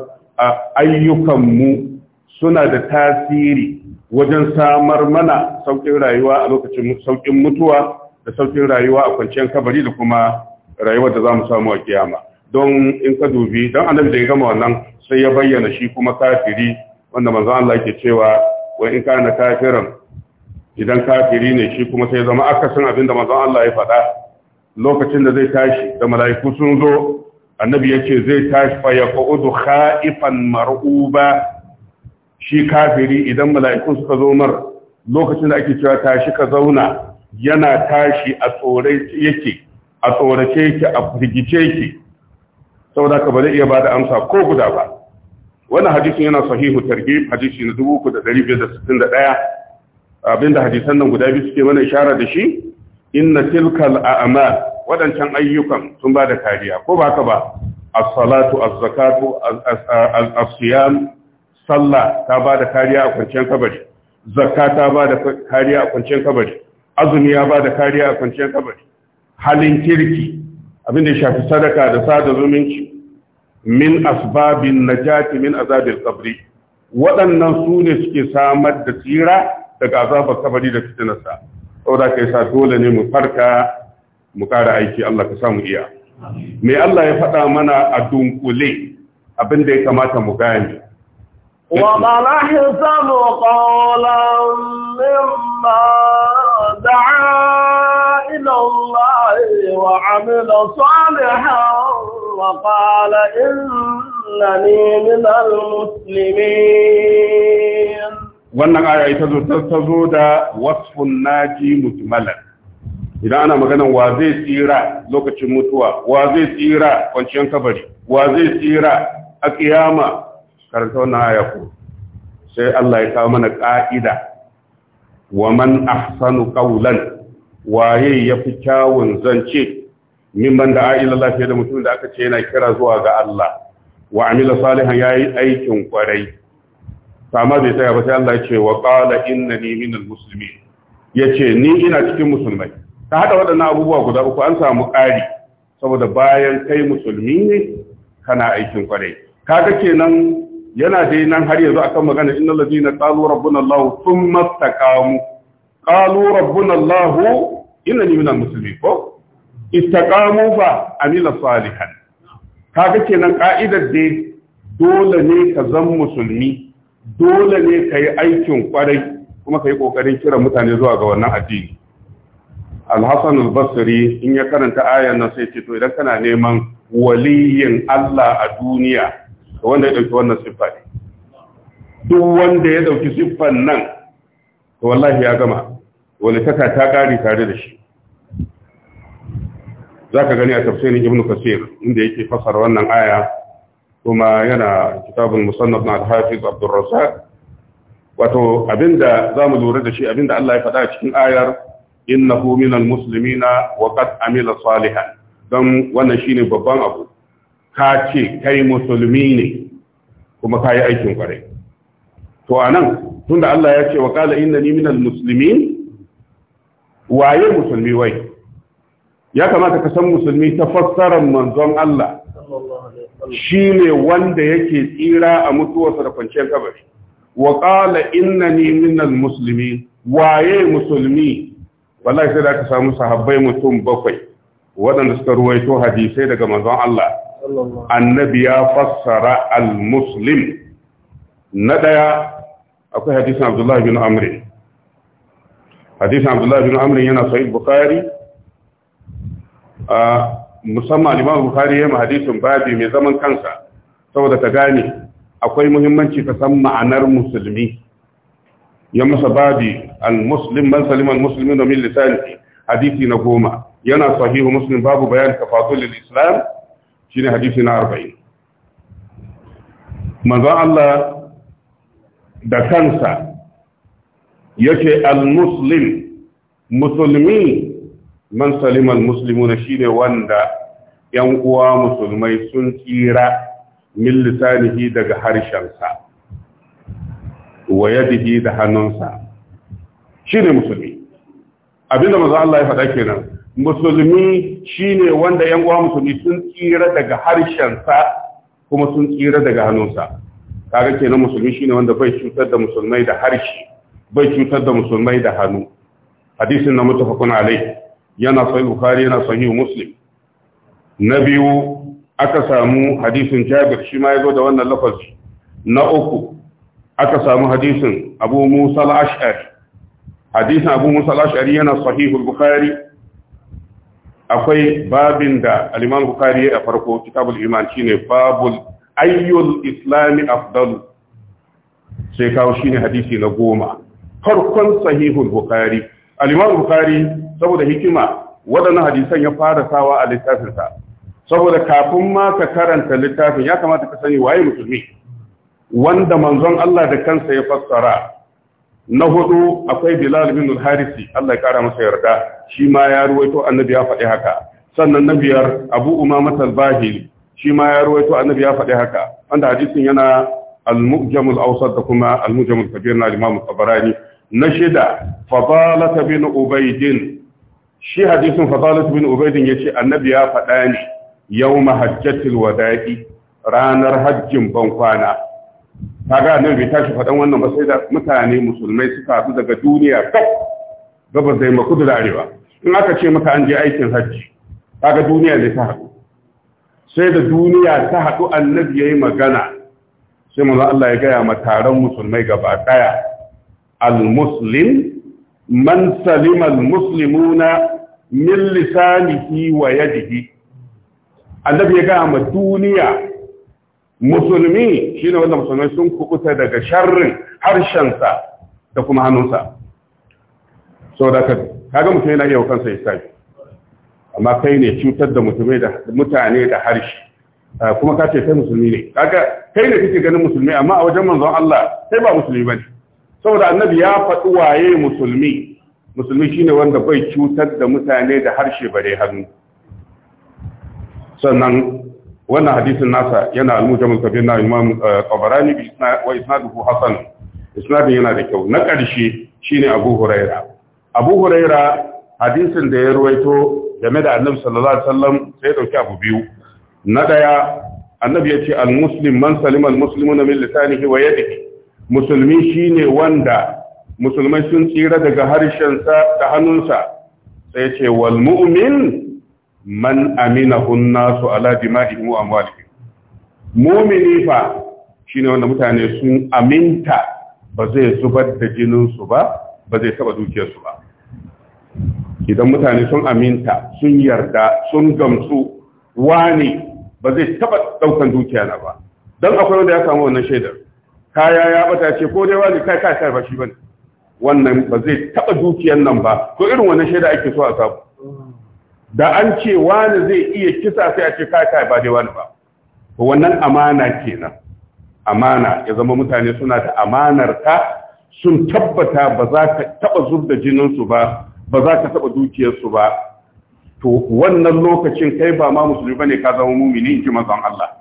ayyukanmu suna da tasiri wajen samar mana saukin rayuwa a lokacin saukin mutuwa da saukin rayuwa a kwanciyar kabari da kuma rayuwar da za mu samu a kiyama don in ka dubi don annabi da ya gama wannan sai ya bayyana shi kuma kafiri wanda manzo Allah yake cewa wa in kana kafiran idan kafiri ne shi kuma sai ya zama akasin abin da manzo Allah ya faɗa lokacin da zai tashi da mala'iku sun zo annabi yace zai tashi fa yaqudu khaifan mar'uba shi kafiri idan mala'ikun suka zo mar lokacin da ake cewa tashi ka zauna yana tashi a tsorace yake a tsorace yake a firgice yake saboda ka ba zai iya bada amsa ko guda ba wannan hadisun yana sahihu targhib hadisi na 3561 abinda hadisan nan guda biyu suke mana ishara da shi inna tilkal a amma waɗancan ayyukan sun bada kariya ko ba ka ba as-salatu az-zakatu as-siyam sallah ta ba da kariya a kwanciyar kabari zakka ta ba da kariya a kwanciyar kabari azumi ya ba da kariya a kwanciyar kabari halin kirki abin da shafi sadaka da sada zumunci min asbabin najati min azabil qabri waɗannan su ne suke samar da tsira daga azabar kabari da fitinarsa saboda kai sa dole ne mu farka mu ƙara aiki Allah ka samu iya me Allah ya faɗa mana a dunkule abin da ya kamata mu gane ومن أحسن قولا مما دعا إلى الله وعمل صالحا وقال إنني من المسلمين wannan aya ita zo ta zo da wasfun naji idan ana maganan wa zai tsira lokacin mutuwa wa zai tsira kwanciyar kabari wa zai tsira a kiyama karanta wannan sai Allah ya kawo mana ƙa'ida. wa man ahsanu qawlan waye fi kyawun zance mimman da ila Allah da mutum da aka ce yana kira zuwa ga Allah wa amila salihan yayi aikin kwarai amma bai tsaya ba sai Allah ya ce wa qala innani minal muslimin yace ni ina cikin musulmai ta hada waɗannan abubuwa guda uku an samu ƙari saboda bayan kai musulmi ne kana aikin kwarai kaga kenan yana dai nan har yanzu akan magana innal ladina qalu rabbuna allah thumma istaqamu qalu rabbuna allah innani minal muslimin ko istaqamu fa amila salihan kaga kenan ka'idar dai dole ne ka zan musulmi dole ne ka yi aikin kwarai kuma ka yi kokarin kira mutane zuwa ga wannan addini alhassan al-Basri in ya karanta ayan nan sai ce to idan kana neman waliyin Allah a duniya da wanda ya dauki wannan siffa ne duk wanda ya ɗauki siffan nan to wallahi ya gama wani taka ta kare tare da shi zaka gani a tafsirin ibnu kasir inda yake fasara wannan aya kuma yana kitabul musannaf na al-hafiz abdur razzaq wato abinda zamu lura da shi abinda Allah ya faɗa cikin ayar innahu minal muslimina wa qad amila salihan dan wannan shine babban abu ka ce kai musulmi ne kuma ka yi aikin kware. to a nan tunda Allah ya ce wa kala inna ni minal muslimin waye musulmi wai ya kamata ka san musulmi ta fassarar manzon Allah shi ne wanda yake tsira a mutuwarsa da kwanciyar kabari wa qala ni minal muslimin waye musulmi wallahi sai da ka samu sahabbai mutum bakwai waɗanda suka ruwaito hadisai daga manzon Allah annabi ya fassara al-muslim na daya akwai hadisin abdullahi bin amri hadisin abdullahi bin amri yana sahih bukhari musamman liman bukhari yana hadisin babi mai zaman kansa saboda ka gane akwai muhimmanci ka san ma'anar musulmi ya masa babi al-muslim man saliman al-muslimin min lisanihi hadisi na goma yana sahihu muslim babu bayan kafatul islam shine hadisi na arba'in? manzo Allah da kansa yake al-muslim musulmi man salima al-muslimuna shine wanda yan uwa musulmai sun tsira min lisanihi daga harshensa wa yadihi da hannunsa shine musulmi abinda manzo Allah ya faɗa kenan musulmi shine wanda yan uwa musulmi sun tsira daga harshensa kuma sun tsira daga hannunsa kaga kenan musulmi shine wanda bai cutar da musulmai da harshe bai cutar da musulmai da hannu hadisin na mutafakun alai yana sahih bukhari yana sahih muslim na biyu aka samu hadisin jabir shi ma yazo da wannan lafazi na uku aka samu hadisin abu musa al-ash'ari hadisin abu musa al-ash'ari yana sahih bukhari akwai babin da al-Imam Bukhari a farko kitabul iman shine babul ayyul islami afdalu sai kawo ne hadisi na goma farkon sahihul Bukhari al-Imam Bukhari saboda hikima waɗannan hadisan ya fara sawa a littafinsa saboda kafin ma ka karanta littafin ya kamata ka sani waye musulmi wanda manzon Allah da kansa ya fassara na hudu akwai bilal bin al-harisi Allah ya kara masa yarda shi ma ya ruwaito annabi ya faɗi haka sannan na biyar abu umama al-bahili shi ma ya ruwaito annabi ya faɗi haka wanda hadisin yana al-mujam al-awsat da kuma al-mujam al-kabir na imam tabarani na shida fadalat bin ubaydin shi hadisin fadalat bin ubaydin yace annabi ya faɗa ni yawma hajjatil wada'i ranar hajjin ban kwana kaga annabi bai tashi faɗan wannan ba sai da mutane musulmai suka haɗu daga duniya kaf gabas da yamma da arewa in aka ce maka an je aikin hajji kaga duniya ne ta haɗu sai da duniya ta haɗu annabi yayi magana sai manzo Allah ya gaya ma taron musulmai gaba daya almuslim muslim man salima al-muslimuna min lisanihi wa yadihi annabi ya gaya ma duniya musulmi shi ne wanda musulmi sun kukuta daga sharrin harshensa da kuma hannunsa so da ka kaga mutum yana yau kansa ya amma kai ne cutar da mutane da harshe ah, kuma ka ce kai musulmi ne kaga kai ne kake ganin musulmi amma a wajen manzon Allah sai ba musulmi bane saboda annabi ya faɗi waye musulmi musulmi shine wanda bai cutar da mutane da harshe bare hannu sannan wannan hadisin nasa yana al-mujamul kabir na imam qabarani eh, bi wa isnaduhu hasan isnadin yana da kyau na ƙarshe shine abu huraira abu huraira hadisin da ya ruwaito game da annabi sallallahu alaihi wasallam sai dauki abu biyu na daya annabi ya ce al-muslim man salima al-muslimuna min lisanihi wa yadihi musulmi shine wanda musulmai sun tsira daga harshen sa da hannunsa sai ce wal mu'min man aminahu an-nasu ala dima'ihim mu amwalihim mu'mini fa shine wanda mutane sun aminta ba zai zubar da jinin su ba ba zai taba dukiyar su ba idan mutane sun aminta sun yarda sun gamsu wani ba zai taba daukan dukiya na ba dan akwai wanda ya samu wannan shaidar kaya ya bata ce ko dai wani kai kai kai ba shi bane wannan ba zai taba dukiyar nan ba to irin wannan shaida ake so a samu da an ce wani zai iya kisa sai a ce kai kai ba dai wani ba wannan amana kenan amana ya zama mutane suna da amanar ka sun tabbata ba za ka taba zurda jinin su ba ba za ka taba dukiyar su ba to wannan lokacin kai ba ma musulmi bane ka zama mumini in manzon Allah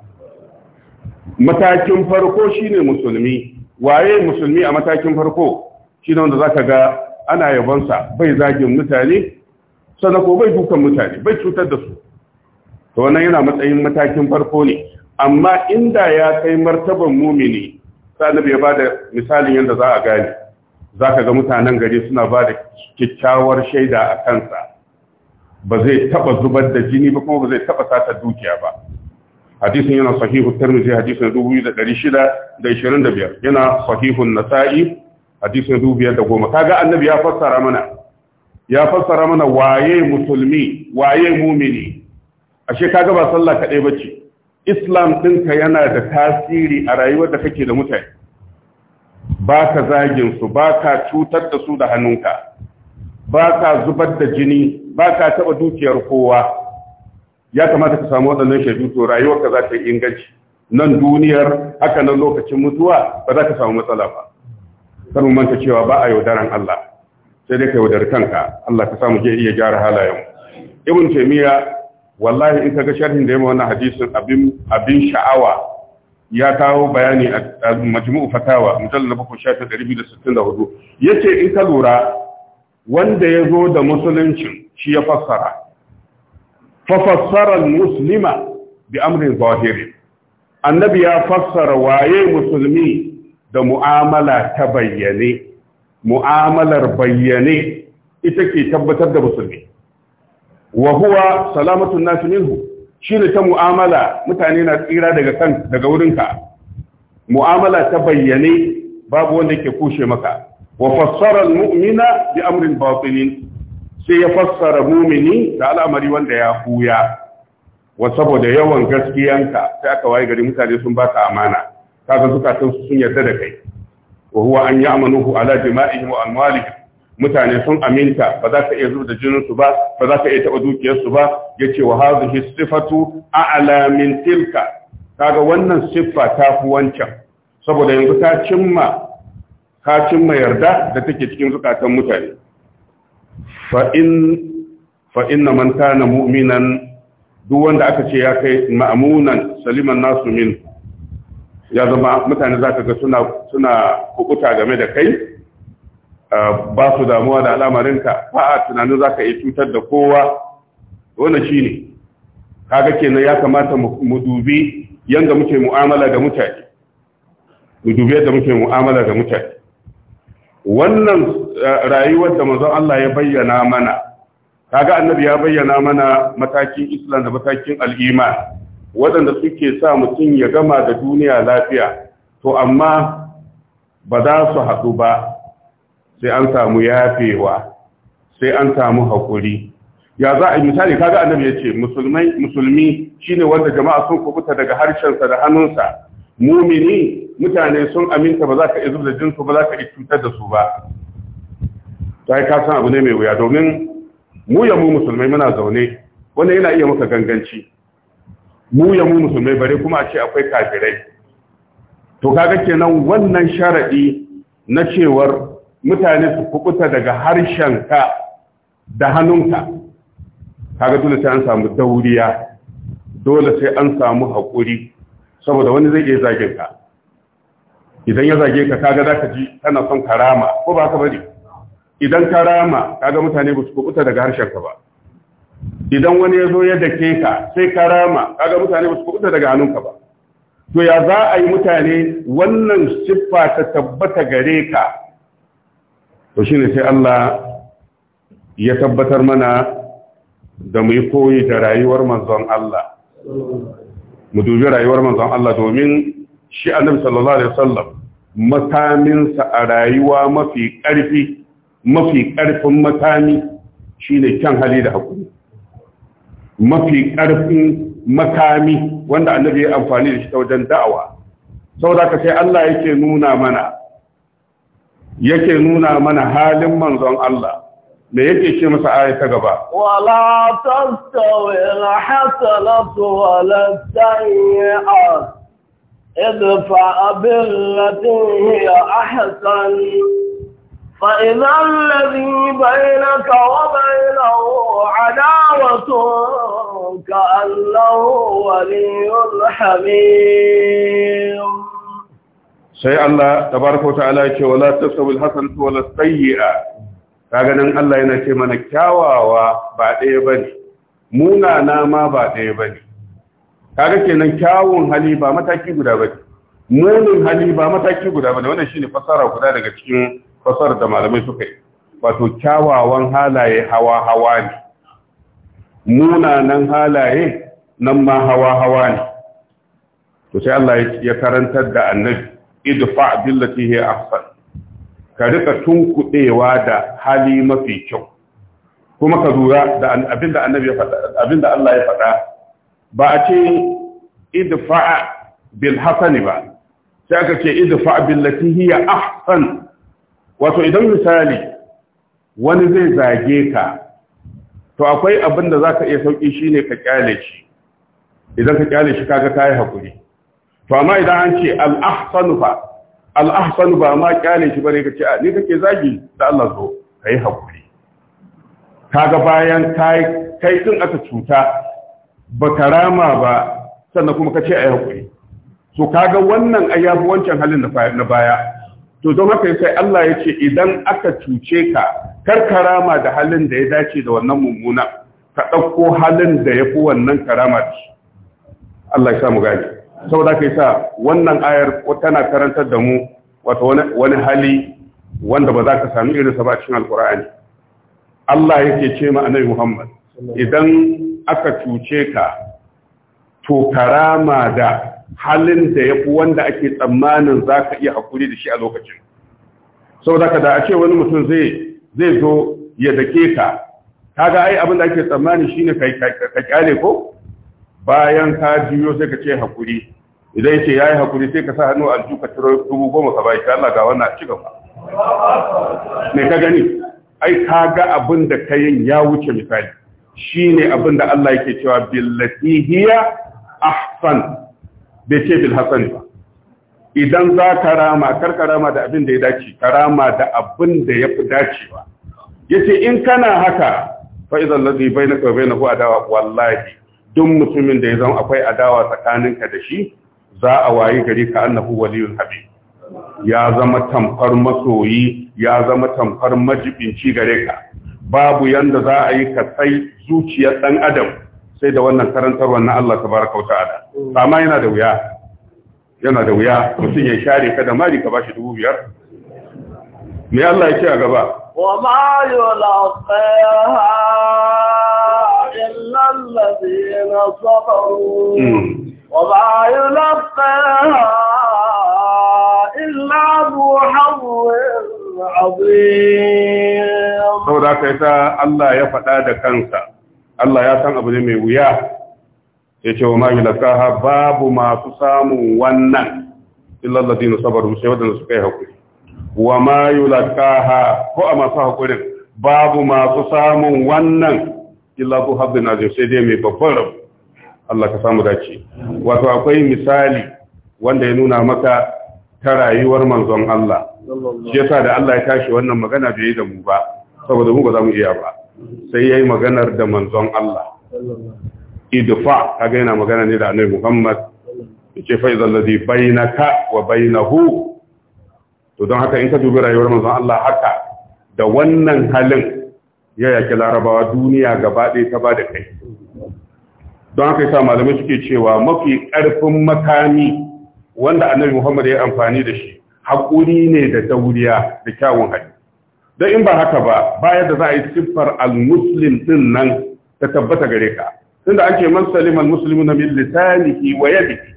matakin farko shine musulmi waye musulmi a matakin farko shine wanda zaka ga ana yabonsa bai zagin mutane sannan ko bai dukan mutane bai cutar da su to wannan yana matsayin matakin farko ne amma inda ya kai martaban mumini sanin ya bada misalin yadda za a gane za ka ga mutanen gari suna ba da kyakkyawar shaida a kansa ba zai taba zubar da jini ba kuma ba zai taba sata dukiya ba hadisin yana sahihu tarmizi hadisin 2625 yana sahihun nasa'i hadisin 2510 kaga annabi ya fassara mana ya fassara mana waye musulmi waye mumini ashe kaga ba sallah kaɗai ce. islam ɗinka yana da tasiri a rayuwar da kake da mutane ba ka zagin su ba ka cutar da su da hannunka ba ka zubar da jini ba ka taɓa dukiyar kowa ya kamata ka samu waɗannan shaidu to rayuwarka za ta yi inganci nan duniyar haka nan lokacin mutuwa ba za ka samu matsala ba kan manta cewa ba a yaudaran Allah sai dai kai wadar kanka Allah ka samu je iya gyara halayen ibn taymiya wallahi in kaga sharhin da yayi wannan hadisin abin abin sha'awa ya kawo bayani a majmu'u fatawa mujallal 764 yace in ka lura wanda ya zo da musuluncin shi ya fassara fa fassara muslima bi amrin zahiri annabi ya fassara waye musulmi da mu'amala ta bayyane mu'amalar bayyane ita ke tabbatar da musulmi wa huwa salamatun nasu minhu shine ta mu'amala mutane na tsira daga kan daga wurinka mu'amala ta bayyane babu wanda yake kushe maka wa fassara almu'mina mumina bi amrin batinin sai ya fassara mumini da al'amari wanda ya huya wa saboda yawan gaskiyanka sai aka waye gari mutane sun baka amana kaga tun sun yarda da kai wa an yi ya'manuhu ala jima'ihim wa amwalihim mutane sun aminta ba za ka iya zuwa da jinin su ba ba za ka iya taba dukiyar su ba ce wa hadhihi sifatu a'la min tilka kaga wannan siffa ta fi wancan saboda yanzu ta cimma ka cimma yarda da take cikin zukatan mutane fa in fa inna man kana mu'minan duk wanda aka ce ya kai ma'munan saliman Nasumin. ya zama mutane za ka ga suna kukuta game da kai ba su damuwa da al'amarinka ba a tunanin za ka yi cutar da kowa wani shi ne kaga kenan ya kamata mu dubi yadda muke mu'amala da mutane mu dubi yadda muke mu'amala da mutane wannan rayuwar da manzon Allah ya bayyana mana kaga annabi ya bayyana mana matakin islam da matakin al'iman waɗanda suke sa mutum ya gama da duniya lafiya to amma ba za su haɗu ba sai an samu yafewa sai an samu haƙuri ya za a yi misali kaga annabi ya ce musulmi shi ne wanda jama'a sun kubuta daga harshensa da hannunsa mumini mutane sun aminta ba za ka izu da jinsu ba za ka cutar da su ba ta yi kasan abu ne mai wuya domin mu ya mu musulmai muna zaune wanda yana iya maka ganganci mu ya mu musulmai bare kuma a ce akwai kafirai to kaga kenan wannan sharadi na cewar mutane su kukuta daga harshenka da hannunka kaga dole sai an samu dauriya dole sai an samu haƙuri saboda wani zai iya zagin ka idan ya zage ka kaga zaka ji kana son karama ko ba ka bari idan karama kaga mutane ba su kukuta daga harshenka ba idan wani ya zo ya dake ka sai ka rama kaga mutane ba su kuɓuta daga hannunka ba to ya za a yi mutane wannan siffa ta tabbata gare ka to shine sai Allah ya tabbatar mana da mu yi koyi da rayuwar manzon Allah mu dubi rayuwar manzon Allah domin shi annabi sallallahu alaihi wasallam makaminsa a rayuwa mafi ƙarfi mafi ƙarfin makami shine kyan hali da hakuri mafi ƙarfin makami wanda annabi ya amfani da shi ta wajen da'awa saboda ka sai Allah yake nuna mana yake nuna mana halin manzon Allah da yake ce masa aya ta gaba wala tastawi alhasanatu wala sayyi'at idfa bil lati hiya ahsan فإذا الذي بينك وبينه عداوة كأنه ولي حميم sai Allah تبارك wa ولا تسوى wala ولا السيئة kaga nan Allah yana ce mana kyawawa ba ɗaya bane munana ma ba ɗaya bane kaga kenan kyawun hali ba mataki guda bane munin hali ba mataki guda bane wannan shine fasara guda daga cikin fasar da malamai suka yi wato kyawawan halaye hawa hawa ne munanan halaye nan ma hawa hawa ne to sai Allah ya karantar da annabi idfa billati hi ahsan ka rika tunkudewa da hali mafi kyau kuma ka lura da abinda annabi ya faɗa abinda Allah ya faɗa ba a ce idfa bil hasani ba sai aka ce idfa billati hi ahsan wato idan misali wani zai zage ka to akwai abin da zaka iya sauki shine ka kyale shi idan ka kyale shi kaga kai hakuri to amma idan an ce al-ahsanu ba, al-ahsanu ba ma kyale shi bare ka ce a ni kake zagi da Allah zo kai hakuri kaga bayan kai kai din aka cuta ba karama ba sannan kuma ka ce ai hakuri to kaga wannan ayyabu wancan halin na baya to don haka sai Allah ya ce idan aka cuce ka kar karama da halin da ya dace da wannan mummuna ka ɗauko halin da ya fi wannan karama da shi Allah ya sa mu gani saboda ka sa wannan ayar tana karantar da mu wato wani hali wanda ba za ka sami sa ba cikin alkur'ani Allah yake ce ma annabi Muhammad idan aka cuce ka to karama da halin da ya fi wanda ake tsammanin za ka iya hakuri da shi a lokacin saboda ka da a ce wani mutum zai zo ya dake ka ga ai abinda da tsammanin shi ne ka kyale ko bayan ka juyo sai ka ce haƙuri idan ce ya yi hakuri sai ka sa hannu a juka tiro dubu goma ka bai Allah ga wannan ci gaba me ka gani ai ga abin da ka yin ya wuce misali shine abin da Allah yake cewa billatihiya a ahsan bai ce bil hasan ba idan za ka rama kar ka rama da abin da ya dace ka rama da abin da ya fi dacewa yace in kana haka fa idan ladhi bainaka wa bainahu adawa wallahi duk mutumin da ya zama akwai adawa tsakaninka da shi za a wayi gari ka annahu waliyul habib ya zama tamfar masoyi ya zama tamfar majibinci gare ka babu yanda za a yi ka sai zuciyar dan adam sai da wannan karantarwar na Allah tabaraka wa ta'ala amma yana da wuya yana da wuya mutum ya share ka da mari ka bashi dubu biyar me Allah ya ce a gaba wa ma yulaqaha illa alladhina sabaru hmm. wa ma yulaqaha illa bu hawwin azim saboda kai ta Allah ya faɗa da kansa Allah ya san abu ne mai wuya ya ce wa magilakaha babu masu samun wannan illallazi na sabaru sai waɗanda suka yi haƙuri wa mayulakaha ko a masu haƙurin babu masu samun wannan illazu haɗu na sai dai mai babban rabu Allah ka samu dace wato akwai misali wanda ya nuna maka ta rayuwar manzon Allah shi yasa da Allah ya tashi wannan magana bai yi da mu ba saboda mu ba za mu iya ba sai yayi maganar da manzon Allah idfa kaga yana magana ne da annabi Muhammad yace fa bai na bainaka wa bainahu to don haka in ka dubi rayuwar manzon Allah haka da wannan halin ya yake larabawa duniya gaba ɗaya ta ba da kai don haka yasa malamai suke cewa mafi ƙarfin makami wanda annabi Muhammad ya amfani da shi haƙuri ne da tauriya da kyawun hali da in ba haka ba bayan da za a yi siffar al-muslim din nan ta tabbata gare ka tunda an ce man salim al-muslimu na min lisanihi wa yadihi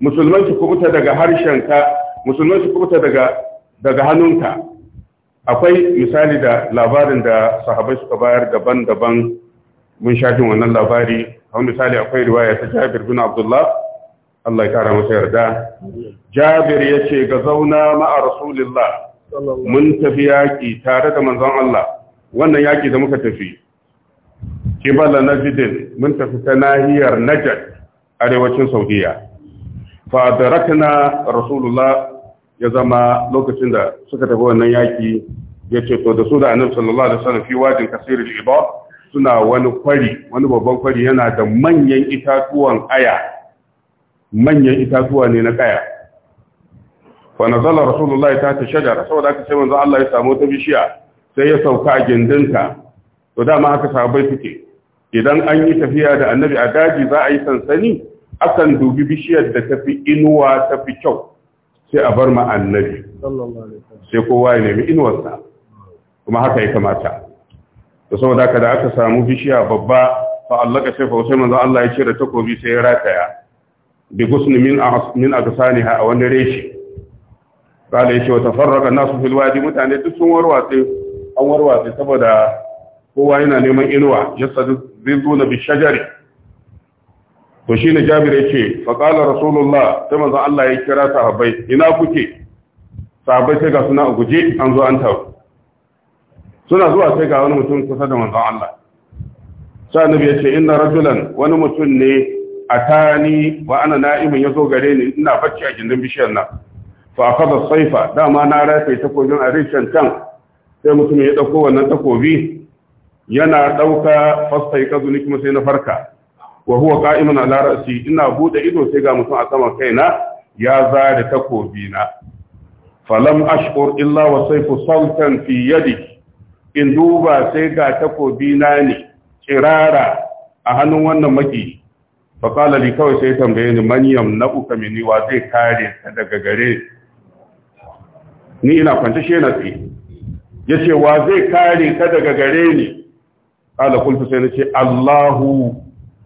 musulman su kubuta daga harshen ka, musulman su kubuta daga daga hannunka akwai misali da labarin da sahabbai suka bayar daban-daban mun shafin wannan labari a misali akwai riwaya ta Jabir bin Abdullah Allah ya kara masa yarda Jabir yace ga zauna ma'a Rasulullah mun tafi yaƙi tare da manzon Allah wannan yaƙi da muka tafi kibala najdin mun tafi ta nahiyar najad arewacin saudiya fa rakana rasulullah ya zama lokacin da suka tafi wannan yaƙi ya ce to da su da annabi sallallahu alaihi wasallam fi wajin kasir al-iba suna wani kwari wani babban kwari yana da manyan itatuwan aya manyan itatuwa ne na kaya fanazala rasulullah ta ta shajara saboda aka ce manzo Allah ya samu ta bishiya sai ya sauka a gindinta to dama haka sahabbai suke idan an yi tafiya da annabi a daji za a yi sansani akan dubi bishiyar da tafi inuwa tafi kyau sai a bar ma annabi sai kowa ya nemi inuwarsa kuma haka ya kamata da saboda haka da aka samu bishiya babba fa allaka sai fa sai manzo Allah ya ce da takobi sai ya rataya bi gusni min min agsaniha a wani reshi kala yake wata farraka nasu filwadi mutane duk sun warwatse an warwatse saboda kowa yana neman inuwa ya sadu na bishajari to shine jabir yake fa qala rasulullah sai manzo Allah ya kira sahabbai ina kuke sahabbai sai ga suna a guje an zo an tawo suna zuwa sai ga wani mutum kusa da manzo Allah sai annabi yace inna rajulan wani mutum ne atani wa ana na'imin yazo gare ni ina bacci a gindin bishiyar nan fa saifa dama na rafe takobin a rishin can sai mutum ya dauko wannan takobi yana dauka fasta ya kazu kuma sai na farka wa huwa qa'imun ala ra'si ina bude ido sai ga mutum a saman kaina ya zare takobi na falam ashkur illa wa saifu sultan fi yadi in duba sai ga takobi na ne kirara a hannun wannan maki fa qala li kawai sai tambaye ni man yamna'uka minni wa zai kare ta daga gare ni ina kwanta shi yana tsaye ce wa zai kare ka daga gare ni qala qultu sai ce Allahu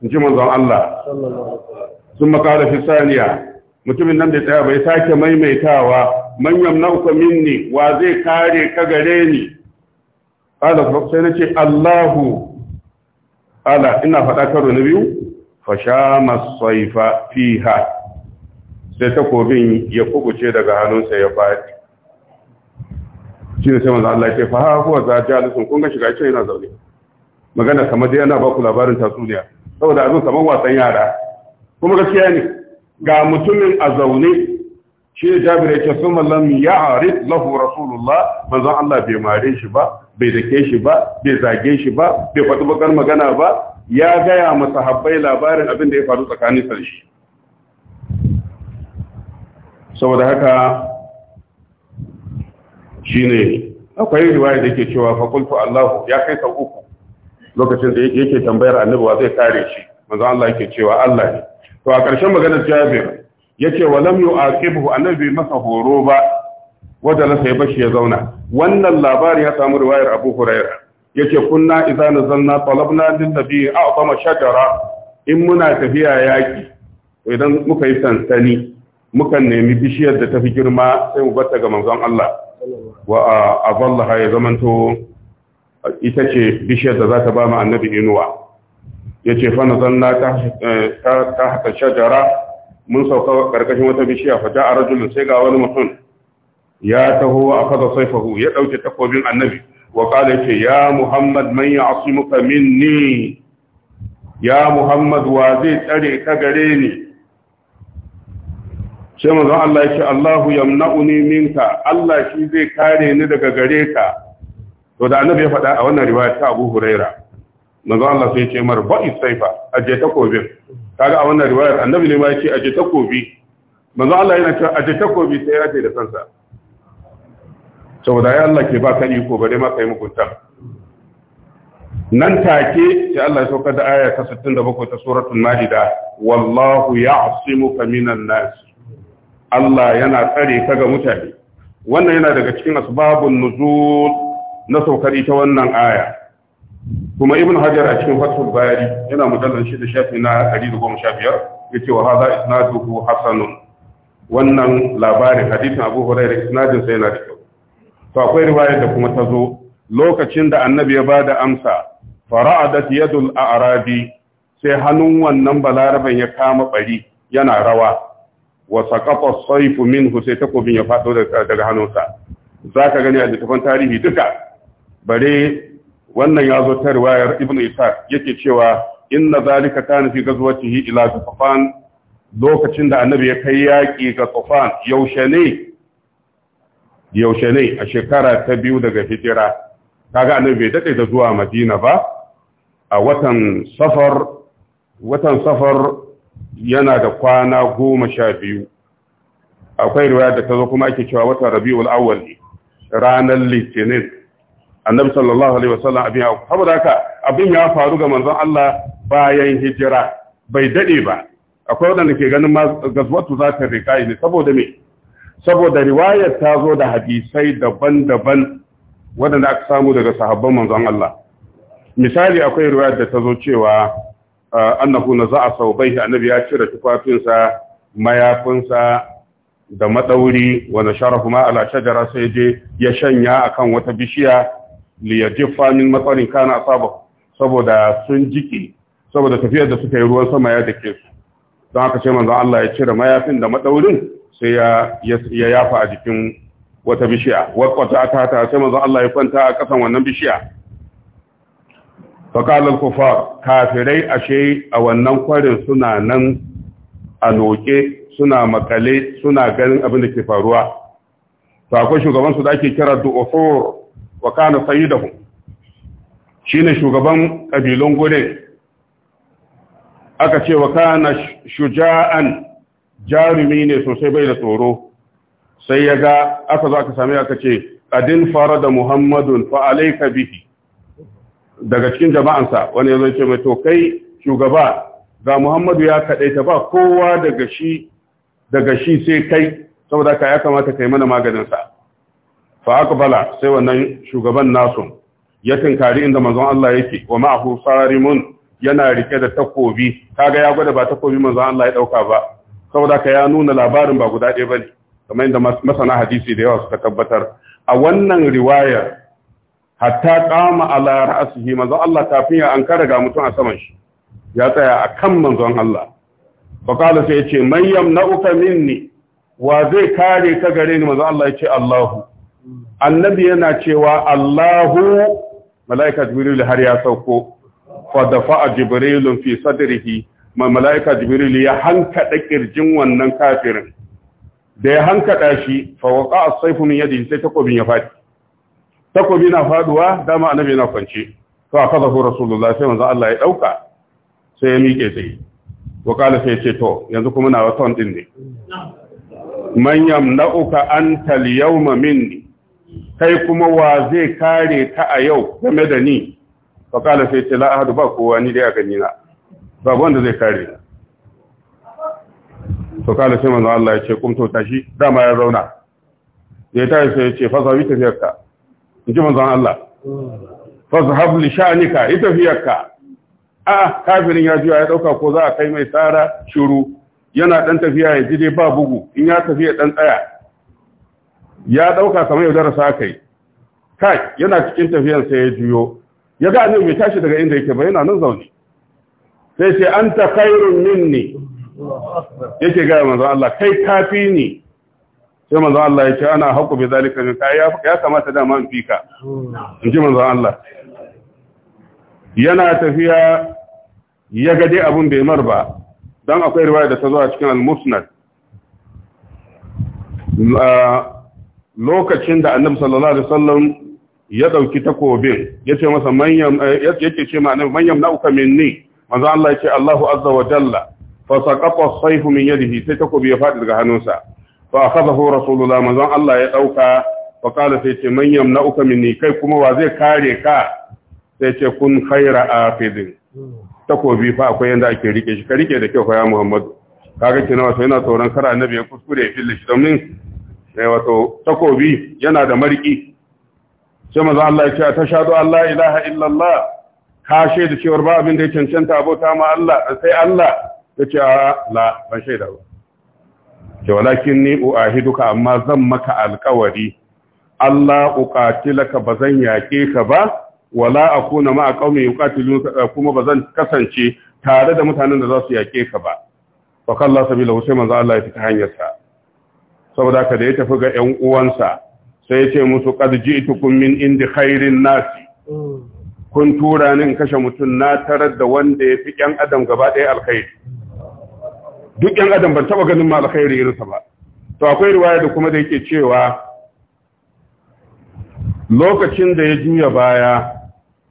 In ji manzan Allah sun makara fi saniya mutumin nan da tsaya bai sake maimaitawa manyan nauka minni wa zai kare ka gare ni qala sai na ce Allahu Ala ina faɗa karo na biyu fasha masu fiha sai takobin ya kubuce daga hannunsa ya faɗi shi ne sai manzo Allah ce fa ha huwa za jalisun kun ga shiga ce yana zaune magana kamar dai yana ba ku labarin tatsuniya saboda abin kamar wasan yara kuma gaskiya ne ga mutumin a zaune shi ne jabir yake sun mallam ya ari lahu rasulullah manzon Allah bai mare shi ba bai dake shi ba bai zage shi ba bai faɗi bakar magana ba ya gaya masa habbai labarin abin da ya faru tsakanin sarshi saboda haka shine akwai riwaya da ke cewa fakultu Allah Allahu ya kai sau uku lokacin da yake tambayar annabi wa zai kare shi manzo Allah yake cewa Allah ne to a ƙarshen maganar Jabir yace wa lam yu'aqibhu annabi masa horo ba wanda la sai bashi ya zauna wannan labari ya samu riwayar Abu Hurairah yace kunna idza nazalna talabna lin nabi a'tama shajara in muna tafiya yaki idan muka yi sansani mukan nemi bishiyar da ta fi girma sai mu bata ga manzon Allah wa a zallaha ya zamanto ita ce bishiyar da za ta ba mu annabi inuwa ya ce fa nazanna eh, ta hata shajara mun sauka karkashin wata bishiya fa ja'a rajulun sai ga wani mutum ya taho a kaza saifahu ya ɗauke takobin annabi wa qala ce ya muhammad man ya'simuka minni ya muhammad wa zai tsare ka gare ni sai manzo Allah ya ce Allahu yamna'uni minka Allah shi zai kare ni daga gare ka to da annabi ya faɗa a wannan riwaya ta Abu Huraira manzo Allah sai ya ce mar ba'i saifa aje takobin kaga a wannan riwayar annabi ne ma ya ce aje takobi manzo Allah yana cewa aje takobi sai ya ce da kansa saboda ya Allah ke ba kan iko bare ma kai mukunta nan take sai Allah ya saukar da aya ta 67 ta suratul maida wallahu ya'simuka minan nas Allah yana tsare ka ga mutane wannan yana daga cikin asbabun nuzul na saukar ita wannan aya kuma ibn hajar a cikin fathul bari yana mujallal shi da shafi na 115 yace wa hadha isnaduhu hasanun wannan labarin hadisin abu hurairah isnadin sa yana da kyau to akwai riwaya da kuma tazo lokacin da annabi ya bada amsa fara'adat yadul a'rabi sai hannun wannan balaraban ya kama bari yana rawa wa saqata as-sayf minhu sai takobin ya fado daga hannunsa zaka gani a littafin tarihi duka bare wannan ya zo ta riwayar ibnu ishaq yake cewa inna zalika kana fi ghazwatihi ila safan lokacin da annabi ya kai yaƙi ga safan yaushe ne yaushe ne a shekara ta biyu daga hijira kaga annabi bai dade da zuwa madina ba a watan safar watan safar yana da kwana goma sha biyu akwai riwaya da ta zo kuma ake cewa wata rabi'ul awwal ranar litinin annabi sallallahu alaihi wasallam abin ya haka abin ya faru ga manzon Allah bayan hijira bai dade ba akwai wanda ke ganin ma gazwatu za ta rika ne saboda me saboda riwayar ta zo da hadisai daban-daban waɗanda aka samu daga sahabban manzon Allah misali akwai riwayar da ta zo cewa annahu sau sawbaihi annabi ya cire tufafinsa mayafinsa da madauri wa nasharahu kuma ala shajara sai je ya shanya akan wata bishiya li yajifa min matsarin kana asaba saboda sun jike saboda tafiyar da suka yi ruwan sama ya dake su don haka sai manzon Allah ya cire mayafin da madaurin sai ya ya yafa a jikin wata bishiya waqata ta ta sai manzon Allah ya kwanta a kasan wannan bishiya faƙalar kufar kafirai ashe a wannan kwarin suna nan a noke suna makale suna ganin abin da ke faruwa To akwai su da ake kira du'ufur wa kana sayyidahu shine shugaban kabilun gurin aka ce wa kana shuja'an jarumi ne sosai bai da tsoro sai ya ga aka zo aka same aka ce adin fara da muhammadun fa alayka bihi daga cikin jama'ansa wani ya ce mai to kai shugaba ga Muhammadu ya ta ba kowa daga shi daga shi sai kai saboda ka ya kamata ka kai mana maganinsa fa bala sai wannan shugaban nasu ya tinkari inda manzon Allah yake wa ma'ahu sarimun yana rike da takobi kaga ya gwada ba takobi manzon Allah ya dauka ba saboda ka ya nuna labarin ba guda ɗaya bane kamar inda masana hadisi da yawa suka tabbatar a wannan riwayar hatta kama ala ra'sihi manzo Allah kafin ya ankara ga mutum a saman shi ya tsaya akan manzon Allah fa qala sai yace man yamna'uka minni wa zai kare ka gare ni manzo Allah yace Allahu annabi yana cewa Allahu malaika jibril har ya sauko fa dafa jibril fi sadrihi ma malaika jibril ya da kirjin wannan kafirin da ya hankaɗa shi fa waqa as-sayfu min yadihi sai takobin ya fadi takobi na faduwa dama annabi yana kwance to a kaza ko rasulullahi sai manzo Allah ya dauka sai ya miƙe sai wa kala sai ce to yanzu kuma na waton din ne man yamna'uka anta al-yawma minni kai kuma wa zai kare ka a yau game da ni fa kala sai ce la ahadu ba kowa ni dai a gani na ba wanda zai kare na to kala sai manzo Allah ya ce kumto tashi dama ya zauna ya tashi sai ya ce fa zabi tafiyarka ji manzan Allah fazhab li sha'nika ita fiyarka a kafirin ya juya ya dauka ko za a kai mai tsara shuru yana dan tafiya ya ji ba bugu in ya tafiya dan tsaya ya ɗauka kamar ya darasa kai kai yana cikin tafiyar sai ya juyo ya ga annabi tashi daga inda yake ba yana nan zaune sai sai ta kairun minni yake gaya manzan Allah kai kafi ne sai manzo Allah ya ce ana haƙu bi zalika min ya kamata da man fika in ji manzo Allah yana tafiya ya gade abun bai mar ba dan akwai riwaya da ta zo a cikin al-musnad lokacin da annabi sallallahu alaihi wasallam ya dauki takobin yace masa manyan yake ce ma annabi manyan nauka minni manzo Allah ya ce Allahu azza wa jalla fa saqata as-sayfu min yadihi sai takobi ya fadi daga hannunsa fa akhadahu rasulullah manzon Allah ya dauka fa qala sai ce man yamna'uka minni kai kuma wa zai kare ka sai ce kun khaira afidin takobi fa akwai yanda ake rike shi ka rike da kyau fa ya Muhammadu kaga kina wato yana tsoron kar annabi ya kuskure ya fille sai eh, wato takobi yana da marki. sai manzo Allah ya ce ta shahadu Allah ilaha illallah ka shaida cewar ba abin da ya cancanta abota ma Allah sai Allah ya ce la ban shaida ba ce walakin ni uahiduka amma zan maka alkawari Allah uqatilaka bazan yake ka ba wala akuna ma qaumi yuqatilun eh, kuma bazan kasance tare da mutanen da za su yake ka ba wa kallahu sabila sai manzo Allah ya fita hanyar sa saboda ka da ya tafi ga ƴan uwansa sai ya ce musu qad ji'tukum min indi khairin nasi mm. kun tura ni in kashe mutum na tarar da wanda ya fi ‘yan adam gaba ɗaya alkhairi duk yan adam ban taba ganin ma alkhairi irinsa ba to akwai riwaya da kuma da yake cewa lokacin da ya juya baya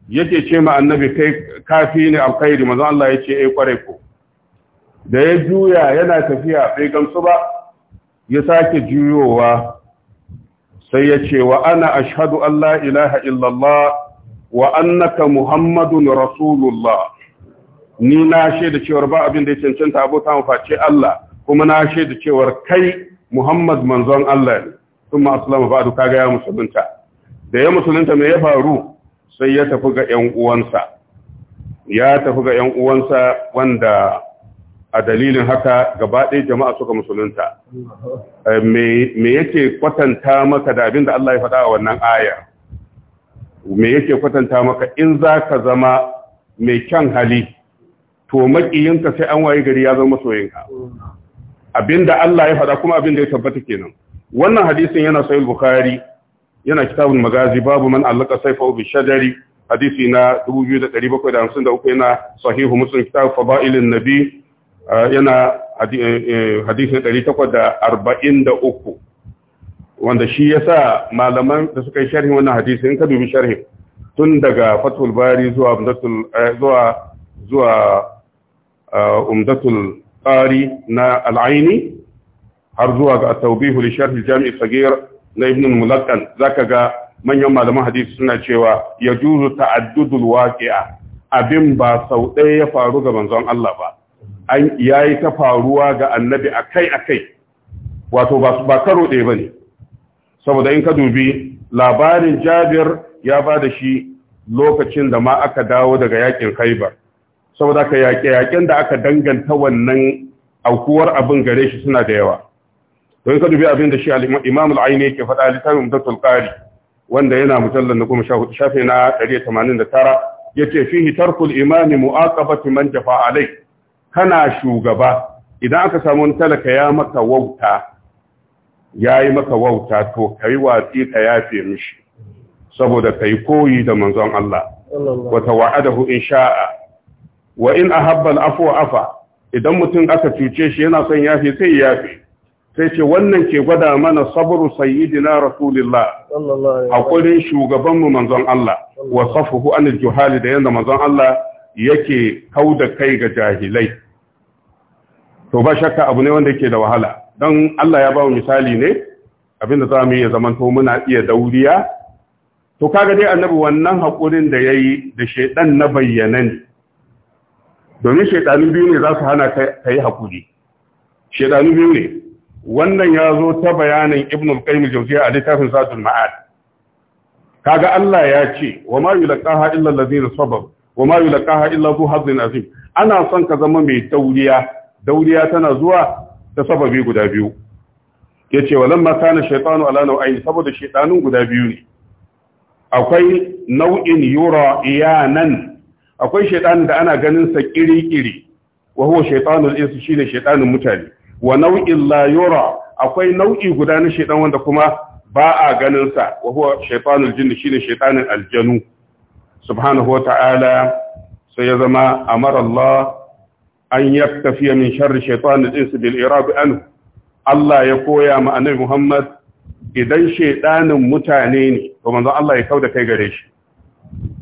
yake ce ma annabi kai kafi ne alkhairi manzo Allah ya ce eh kwarai ko da ya juya yana tafiya bai gamsu ba ya sake juyowa sai ya ce wa ana ashadu Allah ilaha illallah wa annaka muhammadun rasulullah ni na shaida cewar ba abin da ya cancanta abota mu face Allah kuma na shaida cewar kai Muhammad manzon Allah ne kuma ba duka kaga ya musulunta da ya musulunta me ya faru sai ya tafi ga ƴan uwansa ya tafi ga 'yan uwansa wanda a dalilin haka gaba ɗaya jama'a suka musulunta eh, me yake kwatanta maka da abin da Allah ya faɗa a wannan aya me yake kwatanta maka in za ka zama mai kyan hali to makiyinka sai an waye gari ya zama masoyinka abinda Allah ya faɗa kuma abinda ya tabbata kenan wannan hadisin yana sahih bukhari yana kitabul magazi babu man allaka sayfahu bi shajari hadisi na 2753 yana sahih muslim kitab fadailin nabi uh, yana eh, eh, hadisi na 843 wanda shi yasa malaman da suka yi sharhin wannan hadisi in ka dubi sharhin tun daga fatul bari zuwa eh, zuwa zuwa umdatul tsari na al'aini har zuwa ga tawbihu li sharh jami'i jami sagir na ibn mulakkan zaka ga manyan malaman hadisi suna cewa yajuzu ta'addudul waqi'a abin ba sau ɗaya ya faru ga manzon Allah ba an yayi ta faruwa ga annabi akai-akai wato ba karo ɗaya bane saboda in ka dubi labarin Jabir ya ba da shi lokacin da ma aka dawo daga yakin Khaibar saboda ka yaƙe-yaƙen da aka danganta wannan aukuwar abin gare shi suna da yawa don ka dubi abin da shi imam al'aini yake faɗa littafin mutattun ƙari wanda yana mujallar na goma sha hudu shafe na ɗari tamanin da tara ya ce fihi tarkul imami mu'aqabati man jafa alai kana shugaba idan aka samu wani talaka ya maka wauta ya yi maka wauta to kai watsi ka yafe mishi saboda ka yi koyi da manzon Allah wata wa'adahu in sha'a wa in ahabba al afo afa idan mutum aka cuce shi yana son yafi sai yafi sai ce wannan ke gwada mana sabru sayyidina rasulillah hakurin shugabanmu manzon Allah wa safuhu anil juhali da yanda manzon Allah yake da kai ga jahilai to ba shakka abu ne wanda yake da wahala dan Allah ya ba mu misali ne abinda za mu iya zaman muna iya dauriya to kaga dai annabi wannan hakurin da yayi da shedan na bayyana ne domin shaidanu biyu ne za su hana ka yi hakuri shaidanu biyu ne wannan ya zo ta bayanin ibn al-qayyim al a littafin zadul ma'ad kaga Allah ya ce wa ma yulqaha illa allazina sabaru wa ma yulqaha illa zu hazzin azim ana son ka zama mai dauriya dauriya tana zuwa ta sababi guda biyu yace walamma kana shaytanu ala nau'ayn saboda shaytanun guda biyu ne akwai nau'in yura iyanan akwai shaitan da ana ganin sa kiri-kiri wa huwa shaitanul insu shine shaitanin mutane wa nau'in la yura akwai nau'i guda na shaitan wanda kuma ba a ganin sa wa huwa shaitanul jinni shine shaitanin aljanu subhanahu wa ta'ala sai ya zama amara Allah an yaktafiya min sharri shaitanul insu bil irab anhu Allah ya koya ma annabi Muhammad idan shaitanin mutane ne to Allah ya kauda kai gare shi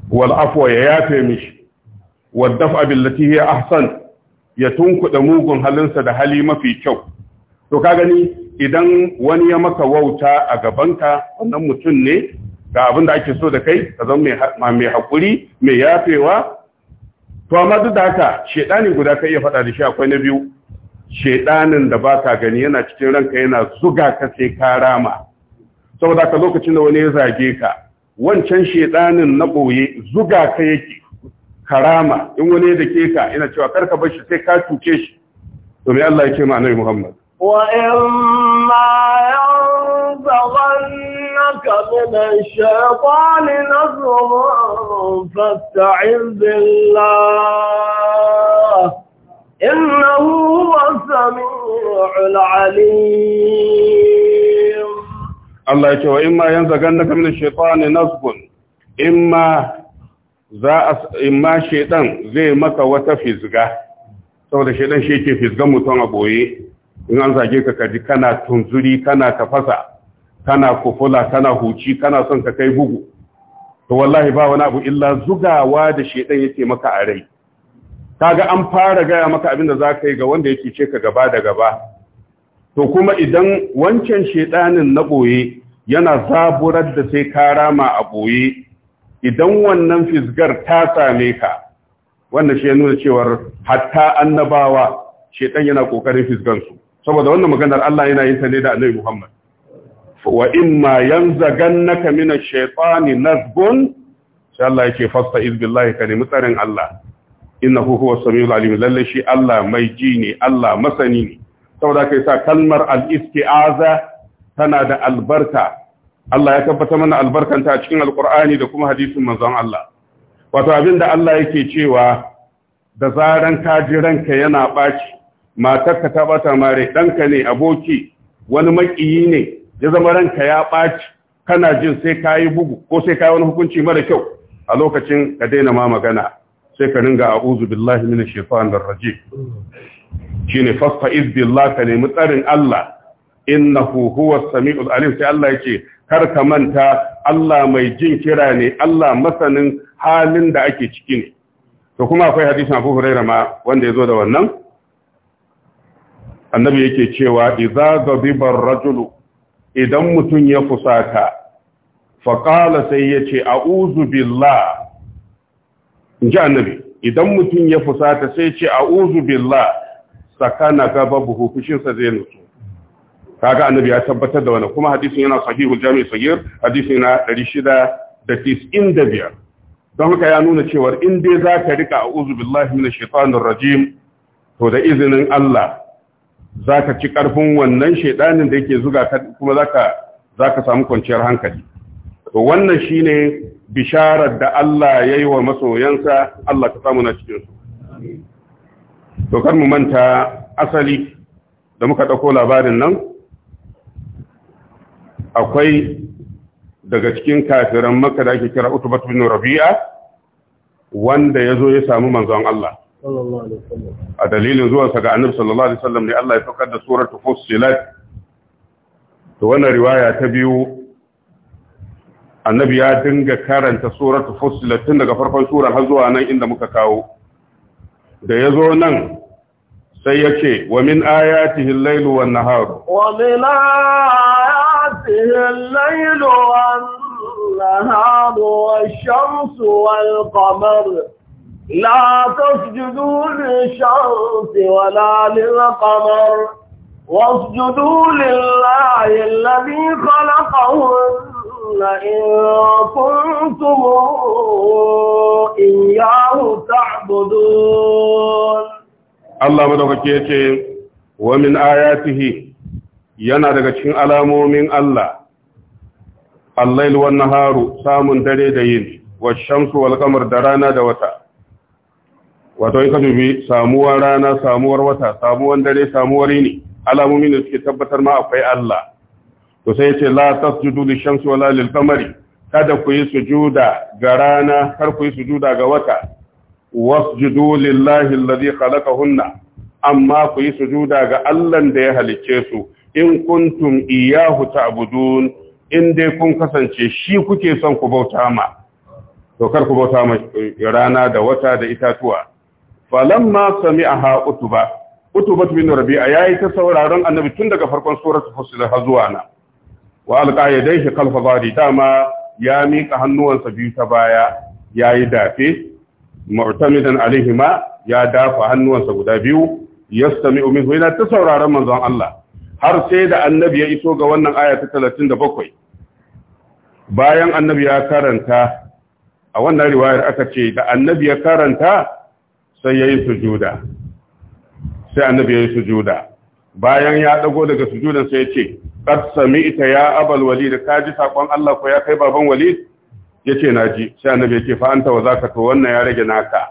wal afwa ya yafe mishi waddafa billati hiya ahsan ya tunkuɗa mugun halinsa da hali mafi kyau to ka gani idan wani ya maka wauta a gabanka wannan mutum ne ga abin da ake so da kai ka zama mai haƙuri mai yafewa to amma duk da haka shedani guda ka iya faɗa da shi akwai na biyu shedanin da ba ka gani yana cikin ranka yana zuga ka sai ka rama saboda ka lokacin da wani ya zage ka wancan shedanin na ɓoye zuga ka yake karama in wani da ke ka ina cewa karka bar shi sai ka cuce shi to me Allah yake ma annabi Muhammad wa amma yanzaghannaka min ash-shaytani nazghun fasta'in billah innahu was-sami'ul 'alim Allah yake wa amma yanzaghannaka min ash-shaytani nazghun imma za a in ma shedan zai maka wata fizga saboda shedan shi yake fizgan mutum a boye in an zage ka kaji kana tunzuri kana tafasa kana kufula kana huci kana son ka kai bugu to wallahi ba wani abu illa zugawa da shedan yake maka a rai kaga an fara gaya maka abin da za ka yi ga wanda yake ce ka gaba da gaba to kuma idan wancan shedanin na boye yana zaburar da sai ka rama a boye idan wannan fisgar ta same ka wannan shi ya nuna cewar hatta annabawa shedan yana kokarin fisgansu. su saboda wannan maganar Allah yana yin ta ne da Annabi Muhammad wa imma yanzagannaka ash-shaytani nazgun sai Allah yake fasta'iz billahi ka nemi tsarin Allah innahu huwas samiul alim lalle shi Allah mai ji ne Allah masani ne saboda kai sa kalmar al-isti'aza tana da albarka Allah ya tabbata mana albarkanta a cikin alkur'ani da kuma hadisin manzon Allah wato abin da Allah yake cewa da zaran ka ji ranka yana baci matarka ta bata mare danka ne aboki wani makiyi ne ya zama ranka ya baci kana jin sai kayi bugu ko sai yi wani hukunci mara kyau a lokacin ka daina ma magana sai ka ringa a'udhu billahi minash shaitanir rajim shine iz billahi ka nemi tsarin Allah innahu huwas samiul alim sai Allah yake kar ka manta Allah mai jin kira ne Allah masanin halin da ake ciki ne to kuma akwai hadisin Abu Hurairah ma wanda yazo da wannan annabi yake cewa idza ghadiba ar-rajulu idan mutun ya fusata fa qala sai yace a'udhu billah inji annabi idan mutun ya fusata sai yace a'udhu billah sakana gababuhu fushinsa zai nutsu kaga annabi ya tabbatar da wannan kuma hadisin yana sahihul jami sahih hadisin na 695 don haka ya nuna cewa in dai zaka rika a'udhu billahi minash shaitanir rajim to da izinin Allah zaka ci karfin wannan shedanin da yake zuga ka kuma zaka zaka samu kwanciyar hankali to wannan shine bisharar da Allah yayi wa masoyansa Allah ka samu na cikin su to kar mu manta asali da muka dauko labarin nan akwai daga cikin kafiran maka da ake kira utubat bin rabi'a wanda ya zo ya samu manzon Allah a dalilin zuwansa ga annabi sallallahu alaihi wasallam ne Allah ya saukar da suratul to wannan riwaya ta biyu annabi ya dinga karanta suratul fussilat tun daga farkon sura har zuwa nan inda muka kawo da yazo nan sai yake wa min ayatihi al-lailu wan-nahar wa min الليل والنهار والشمس والقمر لا تسجدوا للشمس ولا للقمر واسجدوا لله الذي خلقهن إن كنتم إياه تعبدون الله مدوكي ومن آياته yana daga cikin alamomin Allah allail wan naharu samun dare da yini shamsu wal qamar da rana da wata wato in ka dubi samuwar rana samuwar wata samuwar dare samuwar yini alamomin da suke tabbatar ma akwai Allah to sai yace la tasjudu shamsi wala lil qamari kada ku yi sujuda ga rana kar ku yi sujuda ga wata wasjudu lillahi alladhi khalaqahunna amma ku yi sujuda ga Allah da ya halicce su in kuntum iyahu ta'budun in dai kun kasance shi kuke son ku bauta ma to kar ku bauta ma eh, rana da wata da itatuwa falamma sami'aha utuba utuba bin rabi'a yayi ta sauraron annabi tun daga farkon suratul fusilat har zuwa na wa alqa yadayhi khalfa dhari dama ya mika hannuwansa biyu ta baya yayi dafe mu'tamidan alaihima ya dafa hannuwansa guda biyu yastami'u minhu yana ta sauraron manzon Allah har sai da annabi ya iso ga wannan aya ta 37 bayan annabi ya karanta a wannan riwayar aka ce da annabi ya karanta sai yayi sujuda sai annabi ya yi sujuda bayan ya dago daga sujudan sai ya ce qad sami'ta ya abal walid ji sakon Allah ko ya kai baban walid yace naji sai annabi ce, fa anta wa zaka to wannan ya rage naka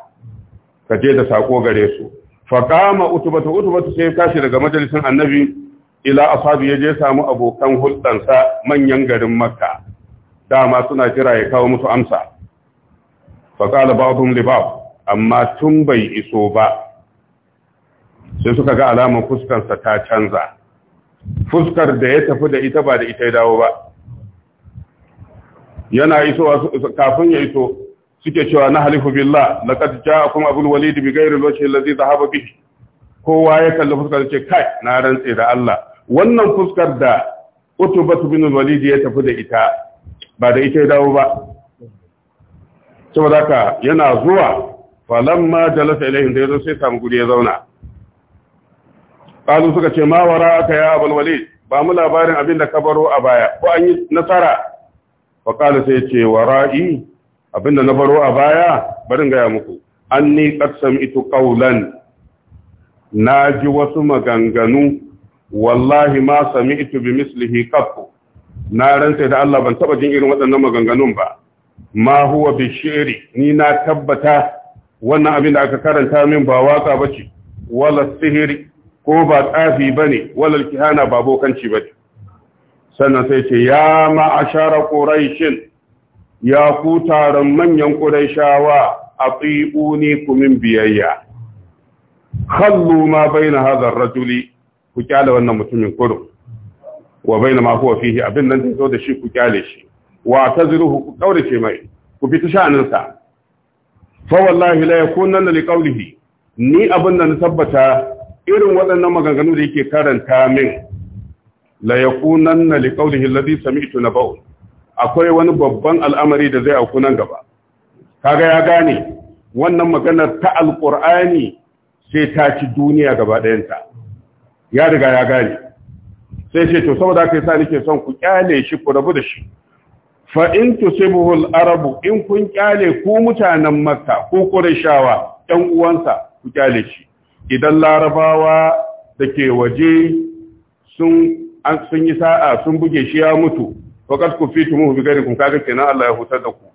ka je da sako gare su fa qama utubatu utubatu sai ya tashi daga majalisin annabi ila ashabi ya je samu abokan hulɗansa manyan garin makka dama suna jira ya kawo musu amsa faƙala ba'dhum li ba'd amma tun bai iso ba sai suka ga alamar fuskarsa ta canza fuskar da ya tafi da ita ba da ita ya dawo ba yana isowa kafin ya iso suke cewa na halifu billah laqad ja'akum abul walid bighayri al alwajhi alladhi dhahaba bihi kowa ya kalli fuskar ce kai na rantse da Allah wannan fuskar da utubatu bin walid ya tafi da ita ba da ita ya dawo ba saboda ka yana zuwa falamma jalasa ilayhim da yazo sai samu gudu ya zauna qalu suka ce ma aka ya abul walid ba mu labarin abin da ka a baya ko an yi nasara fa qala sai ce wara'i abin da na baro a baya barin ga ya muku anni qad sami'tu qawlan naji wasu maganganu wallahi ma sami'tu bi mislihi qattu na rantsa da Allah ban taba jin irin waɗannan maganganun ba ma huwa bi shi'ri ni na tabbata wannan abin da aka karanta min ba waka bace wala sihiri ko ba tsafi bane wala alkihana ba bokanci bace sannan sai ce ya ma'ashara quraishin ya ku taron manyan quraishawa atiuni kumin biyayya khallu ma baina hadha ar-rajuli ku kyale wannan mutumin kurum wa bai ma huwa fihi abin nan zai zo da shi ku kyale shi wa tazruhu ku kaurace mai ku ta sha'aninsa fa wallahi la yakunanna li ni abin da na tabbata irin waɗannan maganganu da yake karanta min la yakunanna li qawlihi alladhi sami'tu nabaw akwai wani babban al'amari da zai auku nan gaba kaga ya gane wannan maganar ta alqur'ani sai ta ci duniya gaba ɗayanta ya riga ya gane sai ce to saboda haka yasa nake son ku kyale shi ku rabu da shi fa in tusibuhu arabu in kun kyale ku mutanen makka ko qurayshawa yan uwansa ku kyale shi idan larabawa dake waje sun an sun yi sa'a sun buge shi ya mutu faqad mu bi kun kaga kenan Allah ya hutar da ku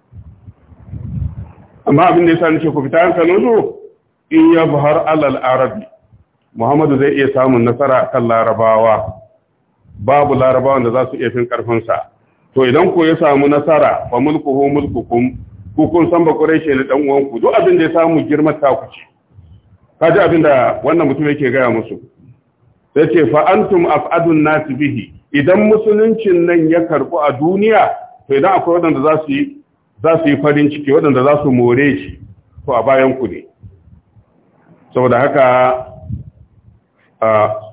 amma abin da yasa nake ku fita hankalin in yabhar alal arabi Muhammadu zai iya samun nasara kan larabawa babu Larabawa da za su iya fin ƙarfinsa. to idan ku ya samu nasara fa mulku kun, ku kun san ba quraishi ne dan uwanku duk abin da ya samu girma ta ku ce kaji abin da wannan mutum yake gaya musu sai ce fa antum af'adun nasi bihi idan musuluncin nan ya karɓu a duniya to idan akwai waɗanda za su yi za su yi farin ciki waɗanda za su more shi to a bayan ku ne saboda haka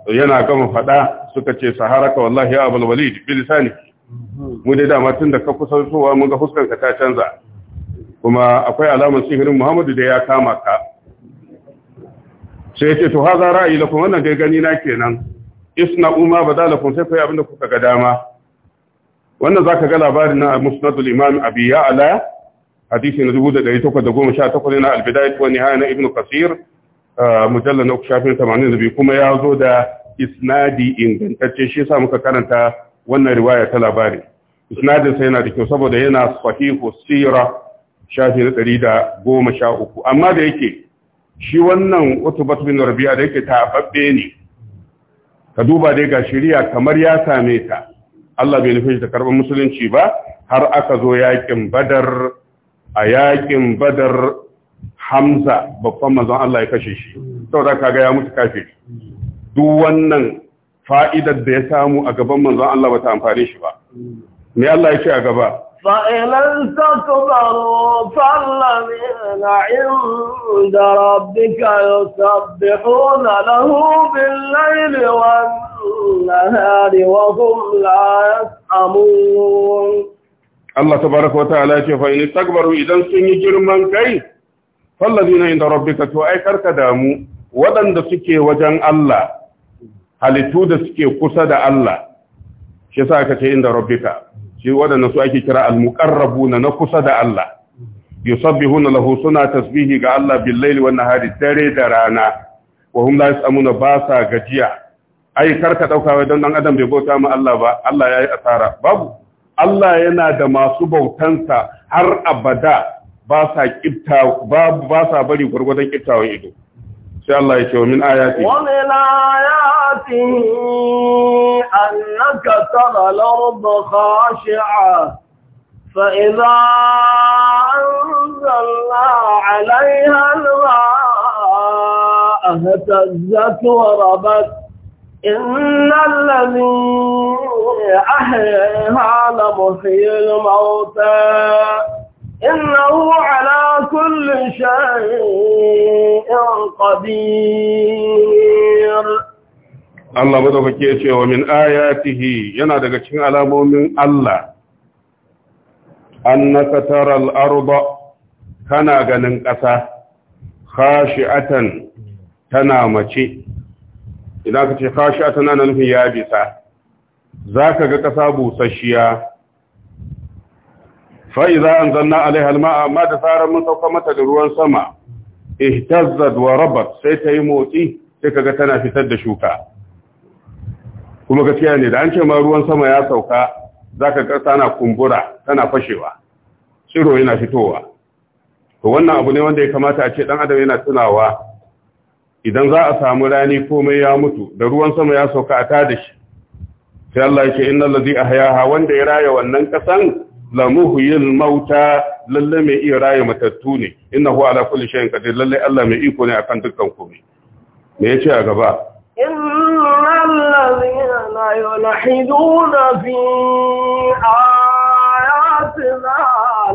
yana gama faɗa suka ce saharaka wallahi ya abul walid bilisani mu dai da tun da ka kusan zuwa mun ga ka ta canza kuma akwai alamar sihirin muhammadu da ya kama ka sai ce to haza ra'ayi lakum wannan dai gani na kenan isna umma badalakum sai kai abinda kuka ga dama wannan zaka ga labarin na musnadul imam abi ya'la hadisi na 1818 na al-bidayah wa nihaya na ibnu kasir mujalla na shafin 82 kuma ya zo da isnadi ingantacce shi sa muka karanta wannan riwaya ta labari isnadin sai yana da kyau saboda yana sahihu sira shafi na ɗari da goma sha uku amma da yake shi wannan wata batubin rabi'a da yake tababbe ne ka duba dai ga shirya kamar ya same ta Allah bai shi ta karɓar musulunci ba har aka zo yakin badar a yakin badar hamza babban mazan Allah ya kashe shi saboda kaga ya mutu kafe duk wannan fa'idar da ya samu a gaban mazan Allah ba ta amfani shi ba ne Allah ya ce a gaba fa'ilan takbaru fallamin inda rabbika yusabbihuna lahu bil laili wan nahari wa hum la yasamun Allah tabaraka wa ta'ala ya ce fa'ilan takbaru idan sun yi girman kai na inda rabbika to ai ka damu waɗanda suke wajen Allah halittu da suke kusa da Allah shi sa ka ce inda rabbika shi waɗanda su ake kira almuqarrabuna na kusa da Allah yusabbihuna lahu suna tasbihi ga Allah bil laili wan dare da rana wa hum la yasamuna ba sa gajiya ai ka ɗauka wai dan adam bai bauta ma Allah ba Allah yi asara babu Allah yana da masu bautansa har abada ba sa bari gwargwadon kiftawan ido sai Allah ya ce min ayati wa min ayati annaka tara al-ardha khashi'a fa idha anzalna 'alayha al-ma'a ihtazzat wa rabat إن الذي أحياها لمحيي الموتى إنه على كل شيء قدير Allah madaukake ya ce wa min ayatihi yana daga cikin alamomin Allah annaka taral arda kana ganin ƙasa khashi'atan tana mace idan ka ce khashi'atan ana nufin yabisa zaka ga ƙasa busasshiya fa idza anzalna alaiha amma da sarar mun mata da ruwan sama ihtazzat wa rabat sai ta yi motsi sai kaga tana fitar da shuka kuma gaskiya ne da an ce ma ruwan sama ya sauka zaka ga tana kumbura tana fashewa tsiro yana fitowa to wannan abu ne wanda ya kamata a ce dan adam yana tunawa idan za a samu rani komai ya mutu da ruwan sama ya sauka a tada shi sai Allah yake innal ladhi ahyaha wanda ya raya wannan kasan lamuhuyil mauta lalle mai iya raye matattu ne innahu ala kulli shay'in qadir lalle Allah mai iko ne akan dukkan komai me ce a gaba innal ladhina yulhiduna fi ayatina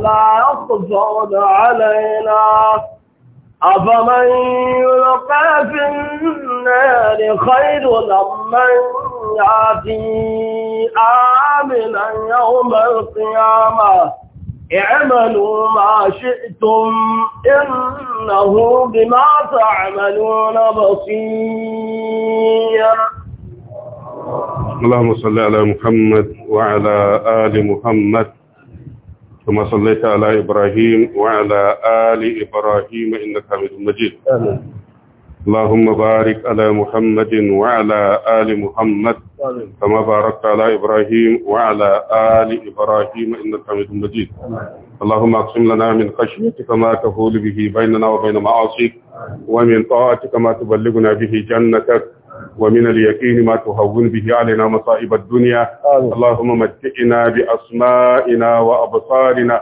la yaqduna alaina أفمن يلقى في النار خير لمن يأتي آمنا يوم القيامة اعملوا ما شئتم إنه بما تعملون بصير اللهم صل على محمد وعلى آل محمد كما صليت على إبراهيم وعلى آل إبراهيم إنك حميد مجيد آمين. اللهم بارك على محمد وعلى آل محمد آمين. كما باركت على إبراهيم وعلى آل إبراهيم إنك حميد مجيد آمين. اللهم اقسم لنا من خشيتك ما تهول به بيننا وبين معاصيك ومن طاعتك ما تبلغنا به جنتك ومن اليقين ما تهون به علينا مصائب الدنيا اللهم متئنا بأسمائنا وأبصارنا